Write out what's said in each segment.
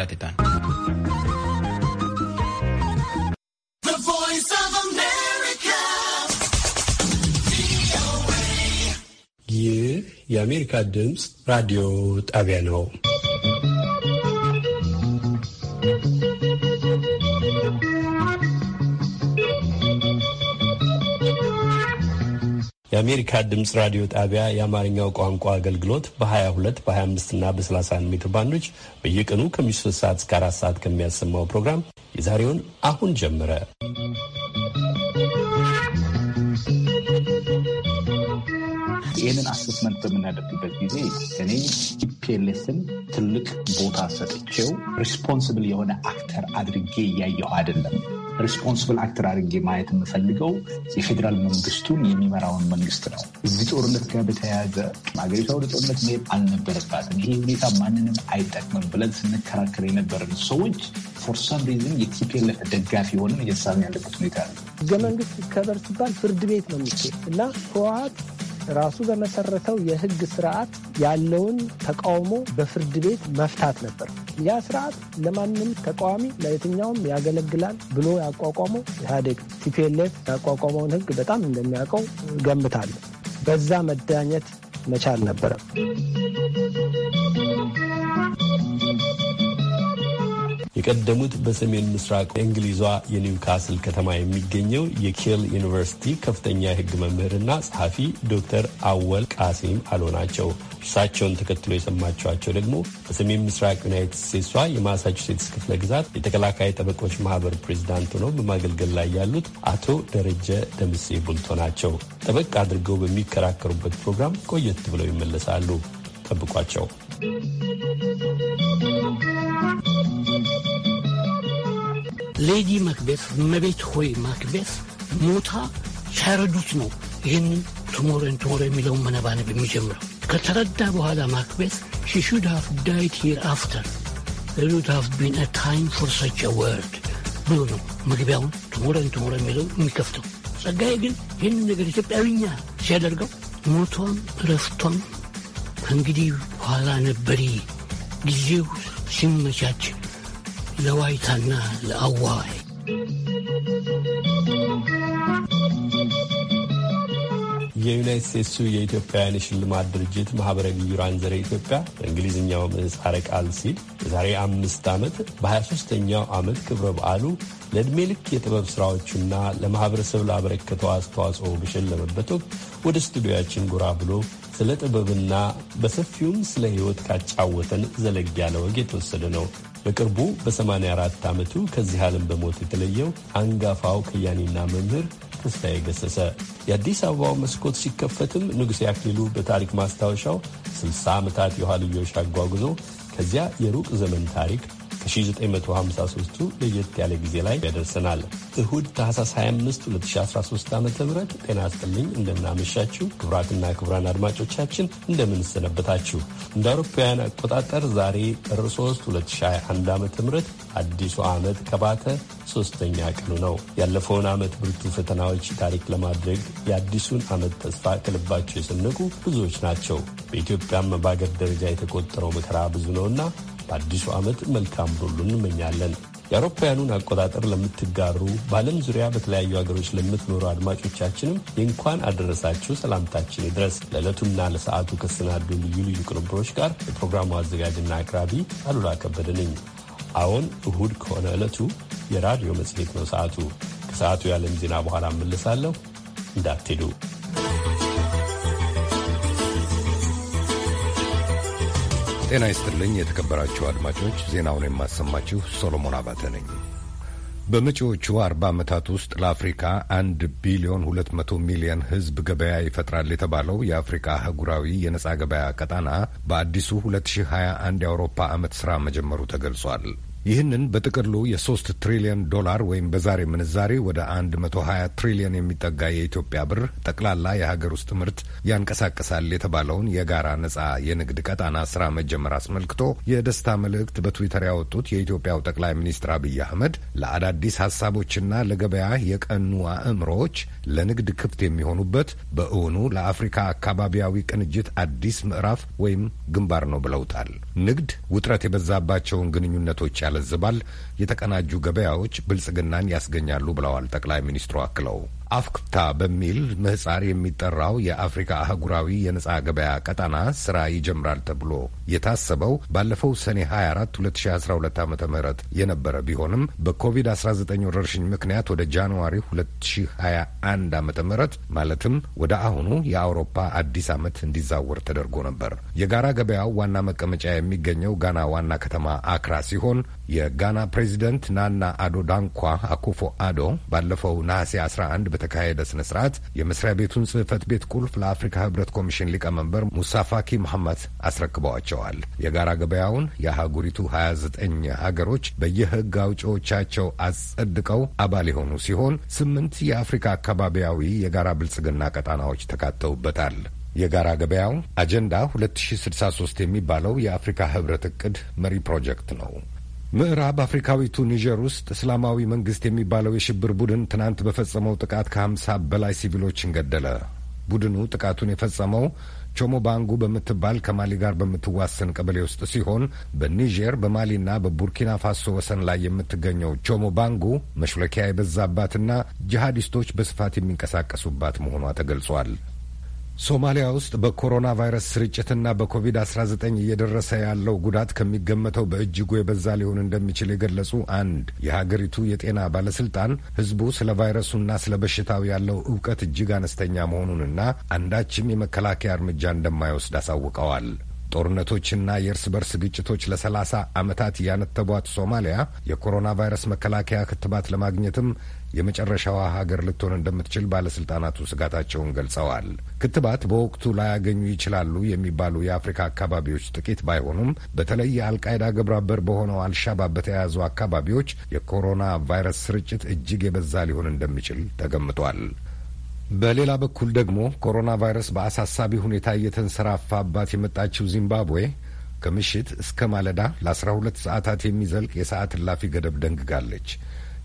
ረትታን ይህ የአሜሪካ ድምፅ ራዲዮ ጣቢያ ነው። የአሜሪካ ድምፅ ራዲዮ ጣቢያ የአማርኛው ቋንቋ አገልግሎት በ22 በ25 እና በ31 ሜትር ባንዶች በየቀኑ ከምሽቱ 3 ሰዓት እስከ 4 ሰዓት ከሚያሰማው ፕሮግራም የዛሬውን አሁን ጀመረ። ይህንን አሴስመንት በምናደርግበት ጊዜ እኔ ፒኤልኤስን ትልቅ ቦታ ሰጥቼው ሪስፖንስብል የሆነ አክተር አድርጌ እያየው አይደለም ሪስፖንስብል አክተር አድርጌ ማየት የምፈልገው የፌዴራል መንግስቱን የሚመራውን መንግስት ነው። እዚህ ጦርነት ጋር በተያያዘ ሀገሪቷ ወደ ጦርነት መሄድ አልነበረባትም፣ ይሄ ሁኔታ ማንንም አይጠቅምም ብለን ስንከራከር የነበረን ሰዎች ፎር ሰም ሪዝን የቲፒኤልኤፍ ደጋፊ ሆነን እየተሳብን ያለበት ሁኔታ ያለ ህገ መንግስት ከበር ሲባል ፍርድ ቤት ነው የሚሄድ እና ህወሀት ራሱ በመሰረተው የህግ ስርዓት ያለውን ተቃውሞ በፍርድ ቤት መፍታት ነበር። ያ ስርዓት ለማንም ተቃዋሚ ለየትኛውም ያገለግላል ብሎ ያቋቋመው ኢህአዴግ ሲፒኤልኤፍ ያቋቋመውን ህግ በጣም እንደሚያውቀው ገምታለሁ። በዛ መዳኘት መቻል ነበረ። የቀደሙት በሰሜን ምስራቅ እንግሊዟ የኒውካስል ከተማ የሚገኘው የኬል ዩኒቨርሲቲ ከፍተኛ የሕግ መምህርና ጸሐፊ ዶክተር አወል ቃሲም አሎ ናቸው። እርሳቸውን ተከትሎ የሰማችኋቸው ደግሞ በሰሜን ምስራቅ ዩናይትድ ስቴትሷ የማሳቹሴትስ ክፍለ ግዛት የተከላካይ ጠበቆች ማህበር ፕሬዚዳንት ሆነው በማገልገል ላይ ያሉት አቶ ደረጀ ደምሴ ቡልቶ ናቸው። ጠበቅ አድርገው በሚከራከሩበት ፕሮግራም ቆየት ብለው ይመለሳሉ። ጠብቋቸው። ሌዲ ማክቤት እመቤት ሆይ ማክቤት ሞታ ሳያረዱት ነው ይህንን ቱሞረን ቱሞሮ የሚለውን መነባነብ የሚጀምረው ከተረዳ በኋላ ማክቤት ሺ ሹድ ሃፍ ዳይት ሂር አፍተር ሹድ ሃፍ ቢን ታይም ፎር ሰች ወርድ ብሎ ነው መግቢያውን ቱሞረን ቱሞሮ የሚለው የሚከፍተው። ጸጋዬ ግን ይህንን ነገር ኢትዮጵያዊኛ ሲያደርገው ሞቷም እረፍቷም ከእንግዲህ በኋላ ነበሪ ጊዜው ሲመቻች ለዋይታና ለአዋይ የዩናይት ስቴትሱ የኢትዮጵያውያን የሽልማት ድርጅት ማህበረ ግዩራን ዘረ ኢትዮጵያ በእንግሊዝኛው ምህጻረ ቃል ሲል የዛሬ አምስት ዓመት በ23ኛው ዓመት ክብረ በዓሉ ለዕድሜ ልክ የጥበብ ሥራዎቹና ለማኅበረሰብ ላበረከተው አስተዋጽኦ በሸለመበት ወቅት ወደ ስቱዲዮያችን ጎራ ብሎ ስለ ጥበብና በሰፊውም ስለ ሕይወት ካጫወተን ዘለግ ያለ ወግ የተወሰደ ነው። በቅርቡ በ84 ዓመቱ ከዚህ ዓለም በሞት የተለየው አንጋፋው ከያኔና መምህር ተስፋዬ ገሰሰ የአዲስ አበባው መስኮት ሲከፈትም ንጉሴ አክሊሉ በታሪክ ማስታወሻው 60 ዓመታት የኋልዮሽ አጓጉዞ ከዚያ የሩቅ ዘመን ታሪክ ከ1953ቱ ለየት ያለ ጊዜ ላይ ያደርሰናል። እሁድ ታህሳስ 25 2013 ዓ ም ጤና ይስጥልኝ። እንደምናመሻችሁ ክቡራትና ክቡራን አድማጮቻችን እንደምንሰነበታችሁ። እንደ አውሮፓውያን አቆጣጠር ዛሬ ጥር 3 2021 ዓ ም አዲሱ ዓመት ከባተ ሶስተኛ ቀኑ ነው። ያለፈውን ዓመት ብርቱ ፈተናዎች ታሪክ ለማድረግ የአዲሱን ዓመት ተስፋ ከልባቸው የሰነቁ ብዙዎች ናቸው። በኢትዮጵያም በአገር ደረጃ የተቆጠረው መከራ ብዙ ነውና በአዲሱ ዓመት መልካም ሁሉ እንመኛለን። የአውሮፓውያኑን አቆጣጠር ለምትጋሩ በዓለም ዙሪያ በተለያዩ ሀገሮች ለምትኖሩ አድማጮቻችንም የእንኳን አደረሳችሁ ሰላምታችን ይድረስ። ለዕለቱና ለሰዓቱ ከሰናዱ ልዩ ልዩ ቅንብሮች ጋር የፕሮግራሙ አዘጋጅና አቅራቢ አሉላ ከበደ ነኝ። አዎን እሁድ ከሆነ ዕለቱ የራዲዮ መጽሔት ነው። ሰዓቱ ከሰዓቱ የዓለም ዜና በኋላ እመለሳለሁ። እንዳትሄዱ። ጤና ይስጥልኝ የተከበራችሁ አድማጮች፣ ዜናውን የማሰማችሁ ሶሎሞን አባተ ነኝ። በመጪዎቹ አርባ ዓመታት ውስጥ ለአፍሪካ አንድ ቢሊዮን ሁለት መቶ ሚሊየን ሕዝብ ገበያ ይፈጥራል የተባለው የአፍሪካ አህጉራዊ የነጻ ገበያ ቀጣና በአዲሱ 2021 የአውሮፓ ዓመት ሥራ መጀመሩ ተገልጿል። ይህንን በጥቅሉ የሶስት ትሪሊዮን ዶላር ወይም በዛሬ ምንዛሬ ወደ አንድ መቶ ሀያ የሚጠጋ የኢትዮጵያ ብር ጠቅላላ የሀገር ውስጥ ምርት ያንቀሳቀሳል የተባለውን የጋራ ነጻ የንግድ ቀጣና ስራ መጀመር አስመልክቶ የደስታ መልእክት በትዊተር ያወጡት የኢትዮጵያው ጠቅላይ ሚኒስትር አብይ አህመድ ለአዳዲስ ሀሳቦችና ለገበያ የቀኑ አእምሮዎች ለንግድ ክፍት የሚሆኑበት በእውኑ ለአፍሪካ አካባቢያዊ ቅንጅት አዲስ ምዕራፍ ወይም ግንባር ነው ብለውታል። ንግድ ውጥረት የበዛባቸውን ግንኙነቶች ያለ ያስገነዝባል፣ የተቀናጁ ገበያዎች ብልጽግናን ያስገኛሉ ብለዋል ጠቅላይ ሚኒስትሩ አክለው አፍክታ በሚል ምህጻር የሚጠራው የአፍሪካ አህጉራዊ የነጻ ገበያ ቀጠና ስራ ይጀምራል ተብሎ የታሰበው ባለፈው ሰኔ 24 2012 ዓ ም የነበረ ቢሆንም በኮቪድ-19 ወረርሽኝ ምክንያት ወደ ጃንዋሪ 2021 ዓ ም ማለትም ወደ አሁኑ የአውሮፓ አዲስ ዓመት እንዲዛወር ተደርጎ ነበር። የጋራ ገበያው ዋና መቀመጫ የሚገኘው ጋና ዋና ከተማ አክራ ሲሆን የጋና ፕሬዚደንት ናና አዶ ዳንኳ አኩፎ አዶ ባለፈው ነሐሴ 11 በተካሄደ ስነ ስርዓት የመስሪያ ቤቱን ጽህፈት ቤት ቁልፍ ለአፍሪካ ህብረት ኮሚሽን ሊቀመንበር ሙሳ ፋኪ መሐመት አስረክበዋቸዋል። የጋራ ገበያውን የአህጉሪቱ 29 ሀገሮች በየህግ አውጪዎቻቸው አጸድቀው አባል የሆኑ ሲሆን ስምንት የአፍሪካ አካባቢያዊ የጋራ ብልጽግና ቀጣናዎች ተካተውበታል። የጋራ ገበያው አጀንዳ 2063 የሚባለው የአፍሪካ ህብረት እቅድ መሪ ፕሮጀክት ነው። ምዕራብ አፍሪካዊቱ ኒጀር ውስጥ እስላማዊ መንግስት የሚባለው የሽብር ቡድን ትናንት በፈጸመው ጥቃት ከሀምሳ በላይ ሲቪሎችን ገደለ። ቡድኑ ጥቃቱን የፈጸመው ቾሞ ባንጉ በምትባል ከማሊ ጋር በምትዋሰን ቀበሌ ውስጥ ሲሆን በኒጀር በማሊና በቡርኪና ፋሶ ወሰን ላይ የምትገኘው ቾሞ ባንጉ መሽለኪያ የበዛባትና ጂሃዲስቶች በስፋት የሚንቀሳቀሱባት መሆኗ ተገልጿል። ሶማሊያ ውስጥ በኮሮና ቫይረስ ስርጭትና በኮቪድ-19 እየደረሰ ያለው ጉዳት ከሚገመተው በእጅጉ የበዛ ሊሆን እንደሚችል የገለጹ አንድ የሀገሪቱ የጤና ባለስልጣን ህዝቡ ስለ ቫይረሱና ስለ በሽታው ያለው እውቀት እጅግ አነስተኛ መሆኑንና አንዳችም የመከላከያ እርምጃ እንደማይወስድ አሳውቀዋል። ጦርነቶችና የእርስ በርስ ግጭቶች ለሰላሳ ዓመታት ያነተቧት ሶማሊያ የኮሮና ቫይረስ መከላከያ ክትባት ለማግኘትም የመጨረሻዋ ሀገር ልትሆን እንደምትችል ባለስልጣናቱ ስጋታቸውን ገልጸዋል። ክትባት በወቅቱ ላያገኙ ይችላሉ የሚባሉ የአፍሪካ አካባቢዎች ጥቂት ባይሆኑም በተለይ የአልቃይዳ ግብረአበር በሆነው አልሻባብ በተያያዙ አካባቢዎች የኮሮና ቫይረስ ስርጭት እጅግ የበዛ ሊሆን እንደሚችል ተገምቷል። በሌላ በኩል ደግሞ ኮሮና ቫይረስ በአሳሳቢ ሁኔታ እየተንሰራፋባት የመጣችው ዚምባብዌ ከምሽት እስከ ማለዳ ለ12 ሰዓታት የሚዘልቅ የሰዓት እላፊ ገደብ ደንግጋለች።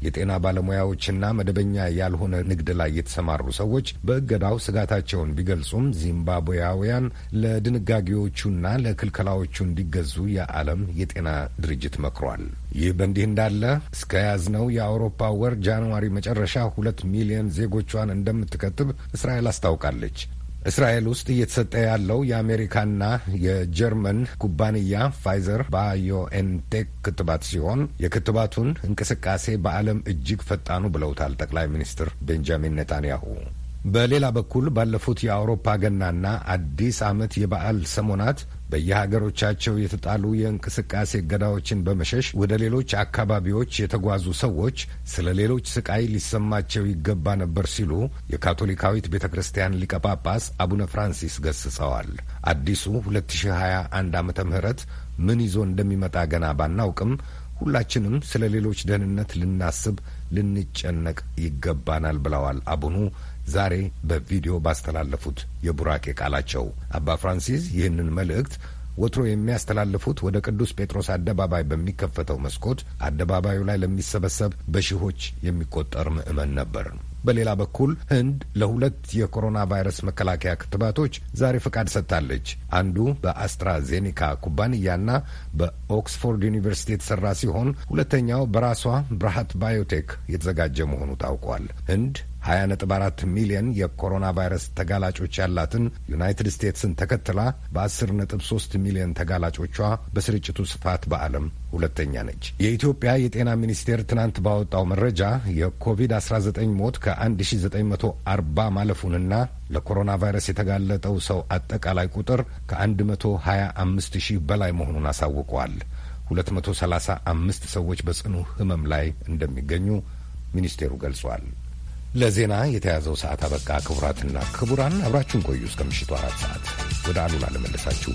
የጤና ባለሙያዎችና መደበኛ ያልሆነ ንግድ ላይ የተሰማሩ ሰዎች በእገዳው ስጋታቸውን ቢገልጹም ዚምባብዌያውያን ለድንጋጌዎቹና ለክልከላዎቹ እንዲገዙ የዓለም የጤና ድርጅት መክሯል። ይህ በእንዲህ እንዳለ እስከ ያዝነው የአውሮፓ ወር ጃንዋሪ መጨረሻ ሁለት ሚሊዮን ዜጎቿን እንደምትከትብ እስራኤል አስታውቃለች። እስራኤል ውስጥ እየተሰጠ ያለው የአሜሪካና የጀርመን ኩባንያ ፋይዘር ባዮኤንቴክ ክትባት ሲሆን የክትባቱን እንቅስቃሴ በዓለም እጅግ ፈጣኑ ብለውታል ጠቅላይ ሚኒስትር ቤንጃሚን ኔታንያሁ። በሌላ በኩል ባለፉት የአውሮፓ ገናና አዲስ ዓመት የበዓል ሰሞናት በየሀገሮቻቸው የተጣሉ የእንቅስቃሴ እገዳዎችን በመሸሽ ወደ ሌሎች አካባቢዎች የተጓዙ ሰዎች ስለ ሌሎች ስቃይ ሊሰማቸው ይገባ ነበር ሲሉ የካቶሊካዊት ቤተ ክርስቲያን ሊቀ ጳጳስ አቡነ ፍራንሲስ ገስጸዋል። አዲሱ 2021 ዓመተ ምህረት ምን ይዞ እንደሚመጣ ገና ባናውቅም ሁላችንም ስለ ሌሎች ደህንነት ልናስብ፣ ልንጨነቅ ይገባናል ብለዋል አቡኑ ዛሬ በቪዲዮ ባስተላለፉት የቡራኬ ቃላቸው አባ ፍራንሲስ ይህንን መልእክት ወትሮ የሚያስተላልፉት ወደ ቅዱስ ጴጥሮስ አደባባይ በሚከፈተው መስኮት አደባባዩ ላይ ለሚሰበሰብ በሺዎች የሚቆጠር ምዕመን ነበር። በሌላ በኩል ህንድ ለሁለት የኮሮና ቫይረስ መከላከያ ክትባቶች ዛሬ ፈቃድ ሰጥታለች። አንዱ በአስትራዜኒካ ኩባንያና በኦክስፎርድ ዩኒቨርሲቲ የተሰራ ሲሆን ሁለተኛው በራሷ ብርሃት ባዮቴክ የተዘጋጀ መሆኑ ታውቋል። ህንድ 20.4 ሚሊዮን የኮሮና ቫይረስ ተጋላጮች ያላትን ዩናይትድ ስቴትስን ተከትላ በ10.3 ሚሊዮን ተጋላጮቿ በስርጭቱ ስፋት በዓለም ሁለተኛ ነች። የኢትዮጵያ የጤና ሚኒስቴር ትናንት ባወጣው መረጃ የኮቪድ-19 ሞት ከ1940 ማለፉንና ለኮሮና ቫይረስ የተጋለጠው ሰው አጠቃላይ ቁጥር ከ125 ሺህ በላይ መሆኑን አሳውቀዋል። 235 ሰዎች በጽኑ ህመም ላይ እንደሚገኙ ሚኒስቴሩ ገልጿል። ለዜና የተያዘው ሰዓት አበቃ። ክቡራትና ክቡራን አብራችሁን ቆዩ። እስከ ምሽቱ አራት ሰዓት ወደ አሉላ ለመለሳችሁ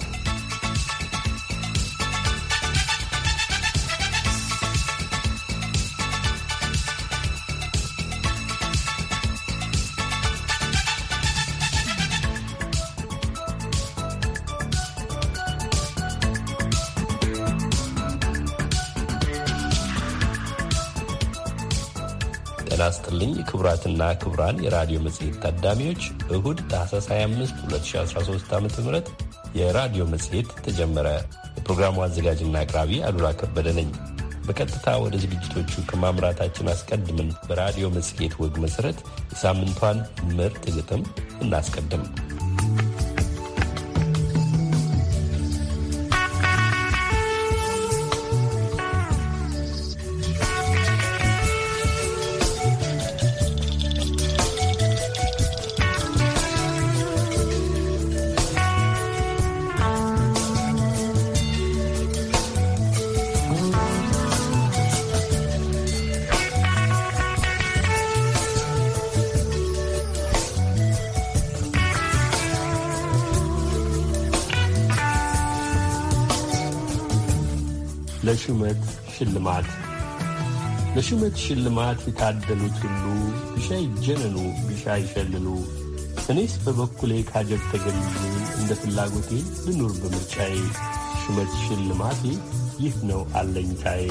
ክቡራትና ክቡራን የራዲዮ መጽሔት ታዳሚዎች እሁድ ታህሳስ 25 2013 ዓ ም የራዲዮ መጽሔት ተጀመረ። የፕሮግራሙ አዘጋጅና አቅራቢ አሉላ ከበደ ነኝ። በቀጥታ ወደ ዝግጅቶቹ ከማምራታችን አስቀድምን በራዲዮ መጽሔት ወግ መሠረት የሳምንቷን ምርጥ ግጥም እናስቀድም። ሹመት ሽልማት ለሹመት ሽልማት የታደሉት ሁሉ ቢሻ ይጀነኑ፣ ቢሻ ይሸልሉ። እኔስ በበኩሌ ካጀብ ተገኝልኝ እንደ ፍላጎቴ ልኑር በምርጫዬ። ሹመት ሽልማቴ ይህ ነው አለኝታዬ።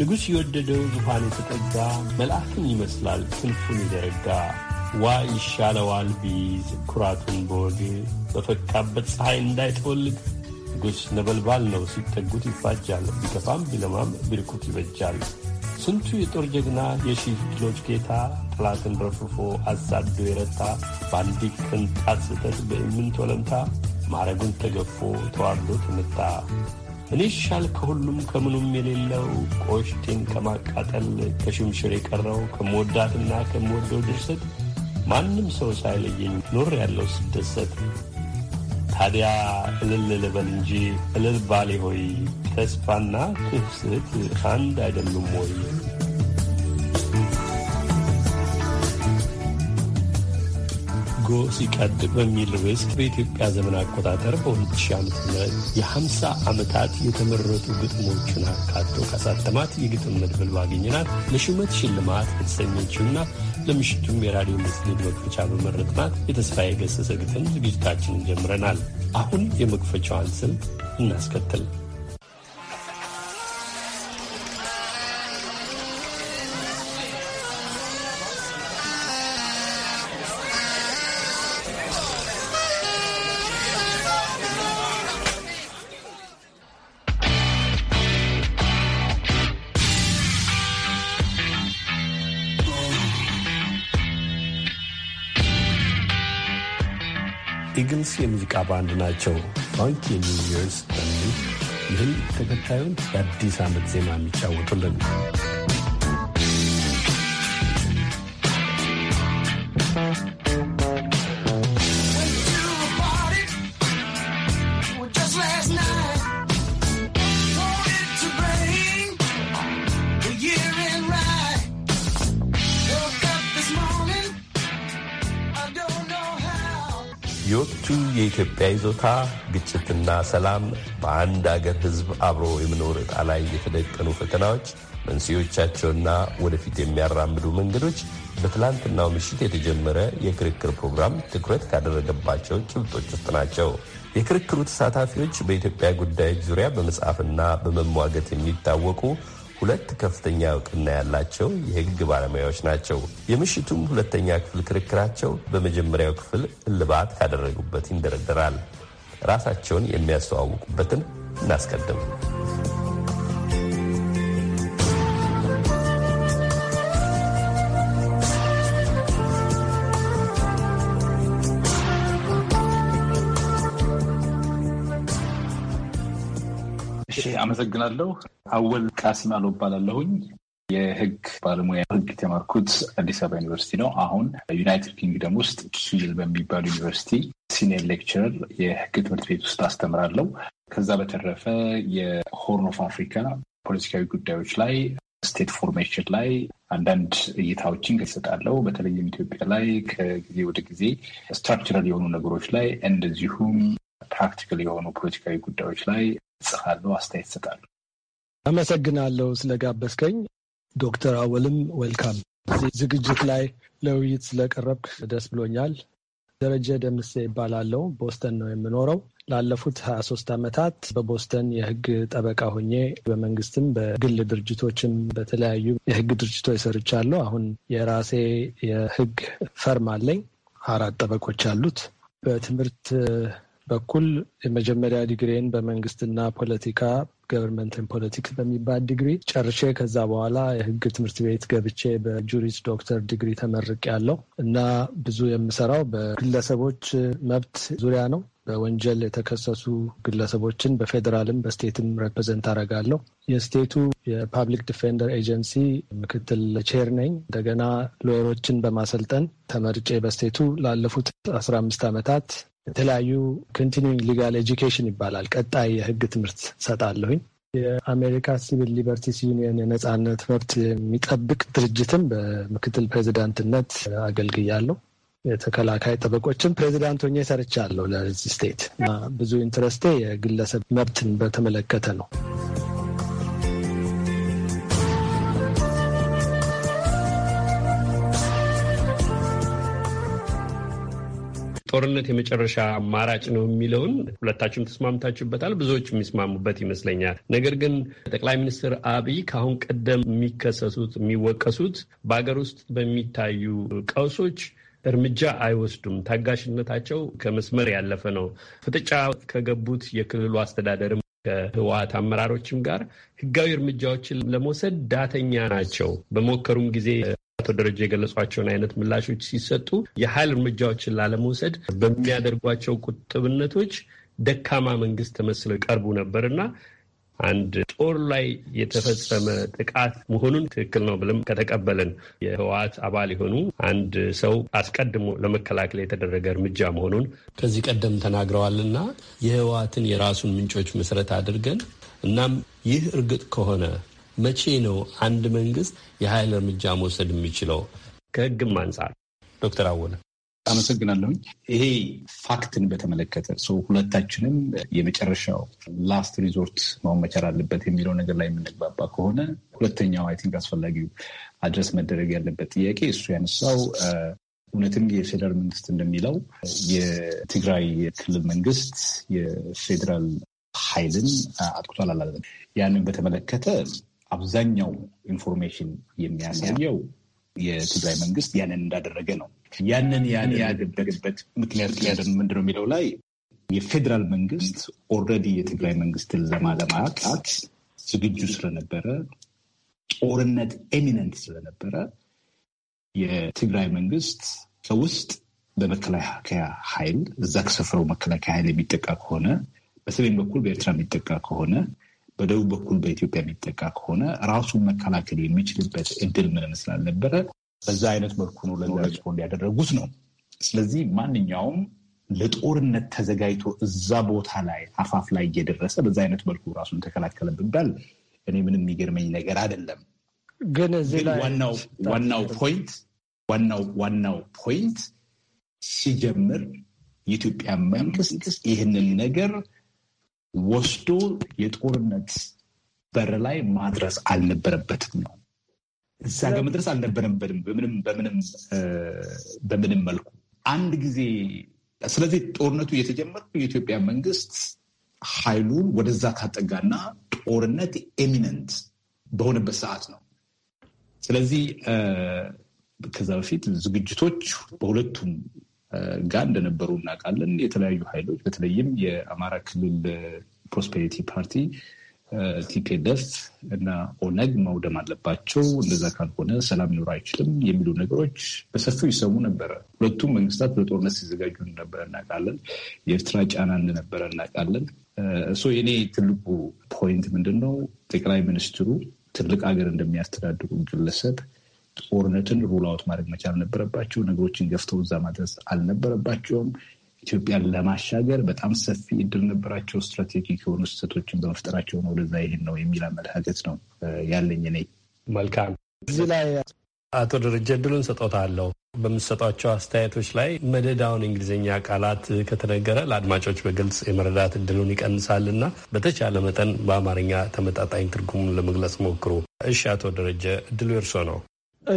ንጉሥ የወደደው ዙፋን የተጠጋ መልአክን ይመስላል ክንፉን የዘረጋ ዋ ይሻለዋል ቢዝ ኩራቱን በወግ በፈካበት ፀሐይ እንዳይጠወልግ ግስ ነበልባል ነው። ሲጠጉት ይፋጃል፣ ቢከፋም ቢለማም ቢርቁት ይበጃል። ስንቱ የጦር ጀግና የሺህ ድሎች ጌታ ጠላትን ረፍርፎ አሳዶ የረታ በአንዲት ቅንጣት ስህተት በእምንት ወለምታ ማረጉን ተገፎ ተዋርዶ ተመታ። እኔ ሻል ከሁሉም ከምኑም የሌለው ቆሽቴን ከማቃጠል ከሽምሽር የቀረው ከመወዳትና ከምወደው ድርሰት ማንም ሰው ሳይለየኝ ኖር ያለው ስደሰት ታዲያ እልል ልበል እንጂ እልል ባሌ ሆይ ተስፋና ትፍስት አንድ አይደሉም ወይ? አድርጎ ሲቀድ በሚል ርዕስ በኢትዮጵያ ዘመን አቆጣጠር በ ዓም የ50 ዓመታት የተመረጡ ግጥሞቹን አካቶ ካሳተማት የግጥም መድብል ባገኘናት ለሹመት ሽልማት የተሰኘችውና ለምሽቱም የራዲዮ መጽሔት መክፈቻ በመረጥናት የተስፋ የገሰሰ ግጥም ዝግጅታችንን ጀምረናል። አሁን የመክፈቻዋን ስልት እናስከትል። የሙዚቃ ባንድ ናቸው። ፋንክ ኒው ይርስ በሚል ይህን ተከታዩን የአዲስ ዓመት ዜማ የሚጫወቱልን የወቅቱ የኢትዮጵያ ይዞታ ግጭትና ሰላም፣ በአንድ አገር ሕዝብ አብሮ የመኖር ዕጣ ላይ የተደቀኑ ፈተናዎች፣ መንስኤዎቻቸውና ወደፊት የሚያራምዱ መንገዶች በትላንትናው ምሽት የተጀመረ የክርክር ፕሮግራም ትኩረት ካደረገባቸው ጭብጦች ውስጥ ናቸው። የክርክሩ ተሳታፊዎች በኢትዮጵያ ጉዳዮች ዙሪያ በመጻፍና በመሟገት የሚታወቁ ሁለት ከፍተኛ እውቅና ያላቸው የሕግ ባለሙያዎች ናቸው። የምሽቱም ሁለተኛ ክፍል ክርክራቸው በመጀመሪያው ክፍል እልባት ካደረጉበት ይንደረደራል። ራሳቸውን የሚያስተዋውቁበትን እናስቀድም። አመሰግናለሁ። አወል ቃሲም አሎ እባላለሁኝ። የህግ ባለሙያ ህግ የተማርኩት አዲስ አበባ ዩኒቨርሲቲ ነው። አሁን ዩናይትድ ኪንግደም ውስጥ ኪል በሚባል ዩኒቨርሲቲ ሲኒየር ሌክቸረር የህግ ትምህርት ቤት ውስጥ አስተምራለሁ። ከዛ በተረፈ የሆርን ኦፍ አፍሪካ ፖለቲካዊ ጉዳዮች ላይ ስቴት ፎርሜሽን ላይ አንዳንድ እይታዎችን ከሰጣለው በተለይም ኢትዮጵያ ላይ ከጊዜ ወደ ጊዜ ስትራክቸራል የሆኑ ነገሮች ላይ እንደዚሁም ፕራክቲካል የሆኑ ፖለቲካዊ ጉዳዮች ላይ ይጽፋሉ፣ አስተያየት ይሰጣሉ። አመሰግናለሁ ስለጋበዝከኝ ዶክተር አወልም ዌልካም። ዝግጅት ላይ ለውይይት ስለቀረብክ ደስ ብሎኛል። ደረጀ ደምሴ ይባላለው። ቦስተን ነው የምኖረው። ላለፉት 23 ዓመታት በቦስተን የህግ ጠበቃ ሆኜ በመንግስትም በግል ድርጅቶችም በተለያዩ የህግ ድርጅቶች ሰርቻለሁ። አሁን የራሴ የህግ ፈርም አለኝ። አራት ጠበቆች አሉት። በትምህርት በኩል የመጀመሪያ ዲግሪን በመንግስትና ፖለቲካ ገቨርንመንትን ፖለቲክስ በሚባል ዲግሪ ጨርሼ ከዛ በኋላ የህግ ትምህርት ቤት ገብቼ በጁሪስ ዶክተር ዲግሪ ተመርቅ ያለው እና ብዙ የምሰራው በግለሰቦች መብት ዙሪያ ነው። በወንጀል የተከሰሱ ግለሰቦችን በፌዴራልም በስቴትም ሬፕሬዘንት አደርጋለሁ። የስቴቱ የፓብሊክ ዲፌንደር ኤጀንሲ ምክትል ቼር ነኝ። እንደገና ሎየሮችን በማሰልጠን ተመርጬ በስቴቱ ላለፉት አስራ አምስት ዓመታት የተለያዩ ኮንቲኒዊንግ ሊጋል ኤጁኬሽን ይባላል። ቀጣይ የህግ ትምህርት ሰጣለሁኝ። የአሜሪካ ሲቪል ሊበርቲስ ዩኒየን የነጻነት መብት የሚጠብቅ ድርጅትም በምክትል ፕሬዚዳንትነት አገልግያለሁ። የተከላካይ ጠበቆችን ፕሬዚዳንት ሆኜ ሰርቻለሁ ለዚህ ስቴት። ብዙ ኢንትረስቴ የግለሰብ መብትን በተመለከተ ነው። ጦርነት የመጨረሻ አማራጭ ነው የሚለውን ሁለታችሁም ተስማምታችሁበታል። ብዙዎች የሚስማሙበት ይመስለኛል። ነገር ግን ጠቅላይ ሚኒስትር አብይ ከአሁን ቀደም የሚከሰሱት የሚወቀሱት በሀገር ውስጥ በሚታዩ ቀውሶች እርምጃ አይወስዱም። ታጋሽነታቸው ከመስመር ያለፈ ነው። ፍጥጫ ከገቡት የክልሉ አስተዳደርም ከህወሓት አመራሮችም ጋር ህጋዊ እርምጃዎችን ለመውሰድ ዳተኛ ናቸው። በሞከሩም ጊዜ አቶ ደረጃ የገለጿቸውን አይነት ምላሾች ሲሰጡ የኃይል እርምጃዎችን ላለመውሰድ በሚያደርጓቸው ቁጥብነቶች ደካማ መንግስት ተመስለው ቀርቡ ነበር እና አንድ ጦር ላይ የተፈጸመ ጥቃት መሆኑን ትክክል ነው ብለን ከተቀበለን የህወሓት አባል የሆኑ አንድ ሰው አስቀድሞ ለመከላከል የተደረገ እርምጃ መሆኑን ከዚህ ቀደም ተናግረዋል እና የህወሓትን የራሱን ምንጮች መሰረት አድርገን እናም ይህ እርግጥ ከሆነ መቼ ነው አንድ መንግስት የኃይል እርምጃ መውሰድ የሚችለው ከህግም አንጻር? ዶክተር አወለ አመሰግናለሁኝ። ይሄ ፋክትን በተመለከተ ሰው ሁለታችንም የመጨረሻው ላስት ሪዞርት መሆን መቻል አለበት የሚለው ነገር ላይ የምንግባባ ከሆነ ሁለተኛው አይ ቲንክ አስፈላጊው አድረስ መደረግ ያለበት ጥያቄ እሱ ያነሳው እውነትም የፌዴራል መንግስት እንደሚለው የትግራይ ክልል መንግስት የፌዴራል ኃይልን አጥቅቷል አላለም። ያንን በተመለከተ አብዛኛው ኢንፎርሜሽን የሚያሳየው የትግራይ መንግስት ያንን እንዳደረገ ነው። ያንን ያደረገበት ምክንያት ሊያደር ነው የሚለው ላይ የፌዴራል መንግስት ኦልሬዲ የትግራይ መንግስትን ለማለማጣት ዝግጁ ስለነበረ ጦርነት ኤሚነንት ስለነበረ የትግራይ መንግስት ከውስጥ በመከላከያ ኃይል እዛ ከሰፈረው መከላከያ ኃይል የሚጠቃ ከሆነ በሰሜን በኩል በኤርትራ የሚጠቃ ከሆነ በደቡብ በኩል በኢትዮጵያ የሚጠቃ ከሆነ ራሱን መከላከል የሚችልበት እድል ምንም ነበረ። በዛ አይነት መልኩ ነው ለዛ ያደረጉት ነው። ስለዚህ ማንኛውም ለጦርነት ተዘጋጅቶ እዛ ቦታ ላይ አፋፍ ላይ እየደረሰ በዛ አይነት መልኩ ራሱን ተከላከለ ብባል እኔ ምንም የሚገርመኝ ነገር አይደለም። ግን እዚህ ዋናው ፖይንት ዋናው ዋናው ፖይንት ሲጀምር የኢትዮጵያ መንግስት ይህንን ነገር ወስዶ የጦርነት በር ላይ ማድረስ አልነበረበትም ነው። እዛ ጋር መድረስ አልነበረበትም በምንም መልኩ። አንድ ጊዜ ስለዚህ ጦርነቱ የተጀመረው የኢትዮጵያ መንግስት ኃይሉን ወደዛ ካጠጋና ጦርነት ኤሚነንት በሆነበት ሰዓት ነው። ስለዚህ ከዛ በፊት ዝግጅቶች በሁለቱም ጋር እንደነበሩ እናውቃለን። የተለያዩ ኃይሎች በተለይም የአማራ ክልል ፕሮስፔሪቲ ፓርቲ ቲፒኤልኤፍ እና ኦነግ መውደም አለባቸው፣ እንደዛ ካልሆነ ሰላም ሊኖር አይችልም የሚሉ ነገሮች በሰፊው ይሰሙ ነበረ። ሁለቱም መንግስታት በጦርነት ሲዘጋጁ እንደነበረ እናውቃለን። የኤርትራ ጫና እንደነበረ እናውቃለን። እሱ የኔ ትልቁ ፖይንት ምንድን ነው? ጠቅላይ ሚኒስትሩ ትልቅ ሀገር እንደሚያስተዳድሩ ግለሰብ ጦርነትን ሩላውት ማድረግ መቻል አልነበረባቸው። ነገሮችን ገፍተው እዛ ማድረስ አልነበረባቸውም። ኢትዮጵያን ለማሻገር በጣም ሰፊ እድል ነበራቸው። ስትራቴጂክ የሆኑ ስህተቶችን በመፍጠራቸው ነው ወደዛ ይህን ነው የሚል አመለካከት ነው ያለኝ እኔ። መልካም እዚህ ላይ አቶ ደረጀ እድሉን ሰጦታለሁ። በምሰጧቸው አስተያየቶች ላይ መደዳውን እንግሊዝኛ ቃላት ከተነገረ ለአድማጮች በግልጽ የመረዳት እድሉን ይቀንሳልና በተቻለ መጠን በአማርኛ ተመጣጣኝ ትርጉሙን ለመግለጽ ሞክሩ። እሺ፣ አቶ ደረጀ እድሉ እርሶ ነው።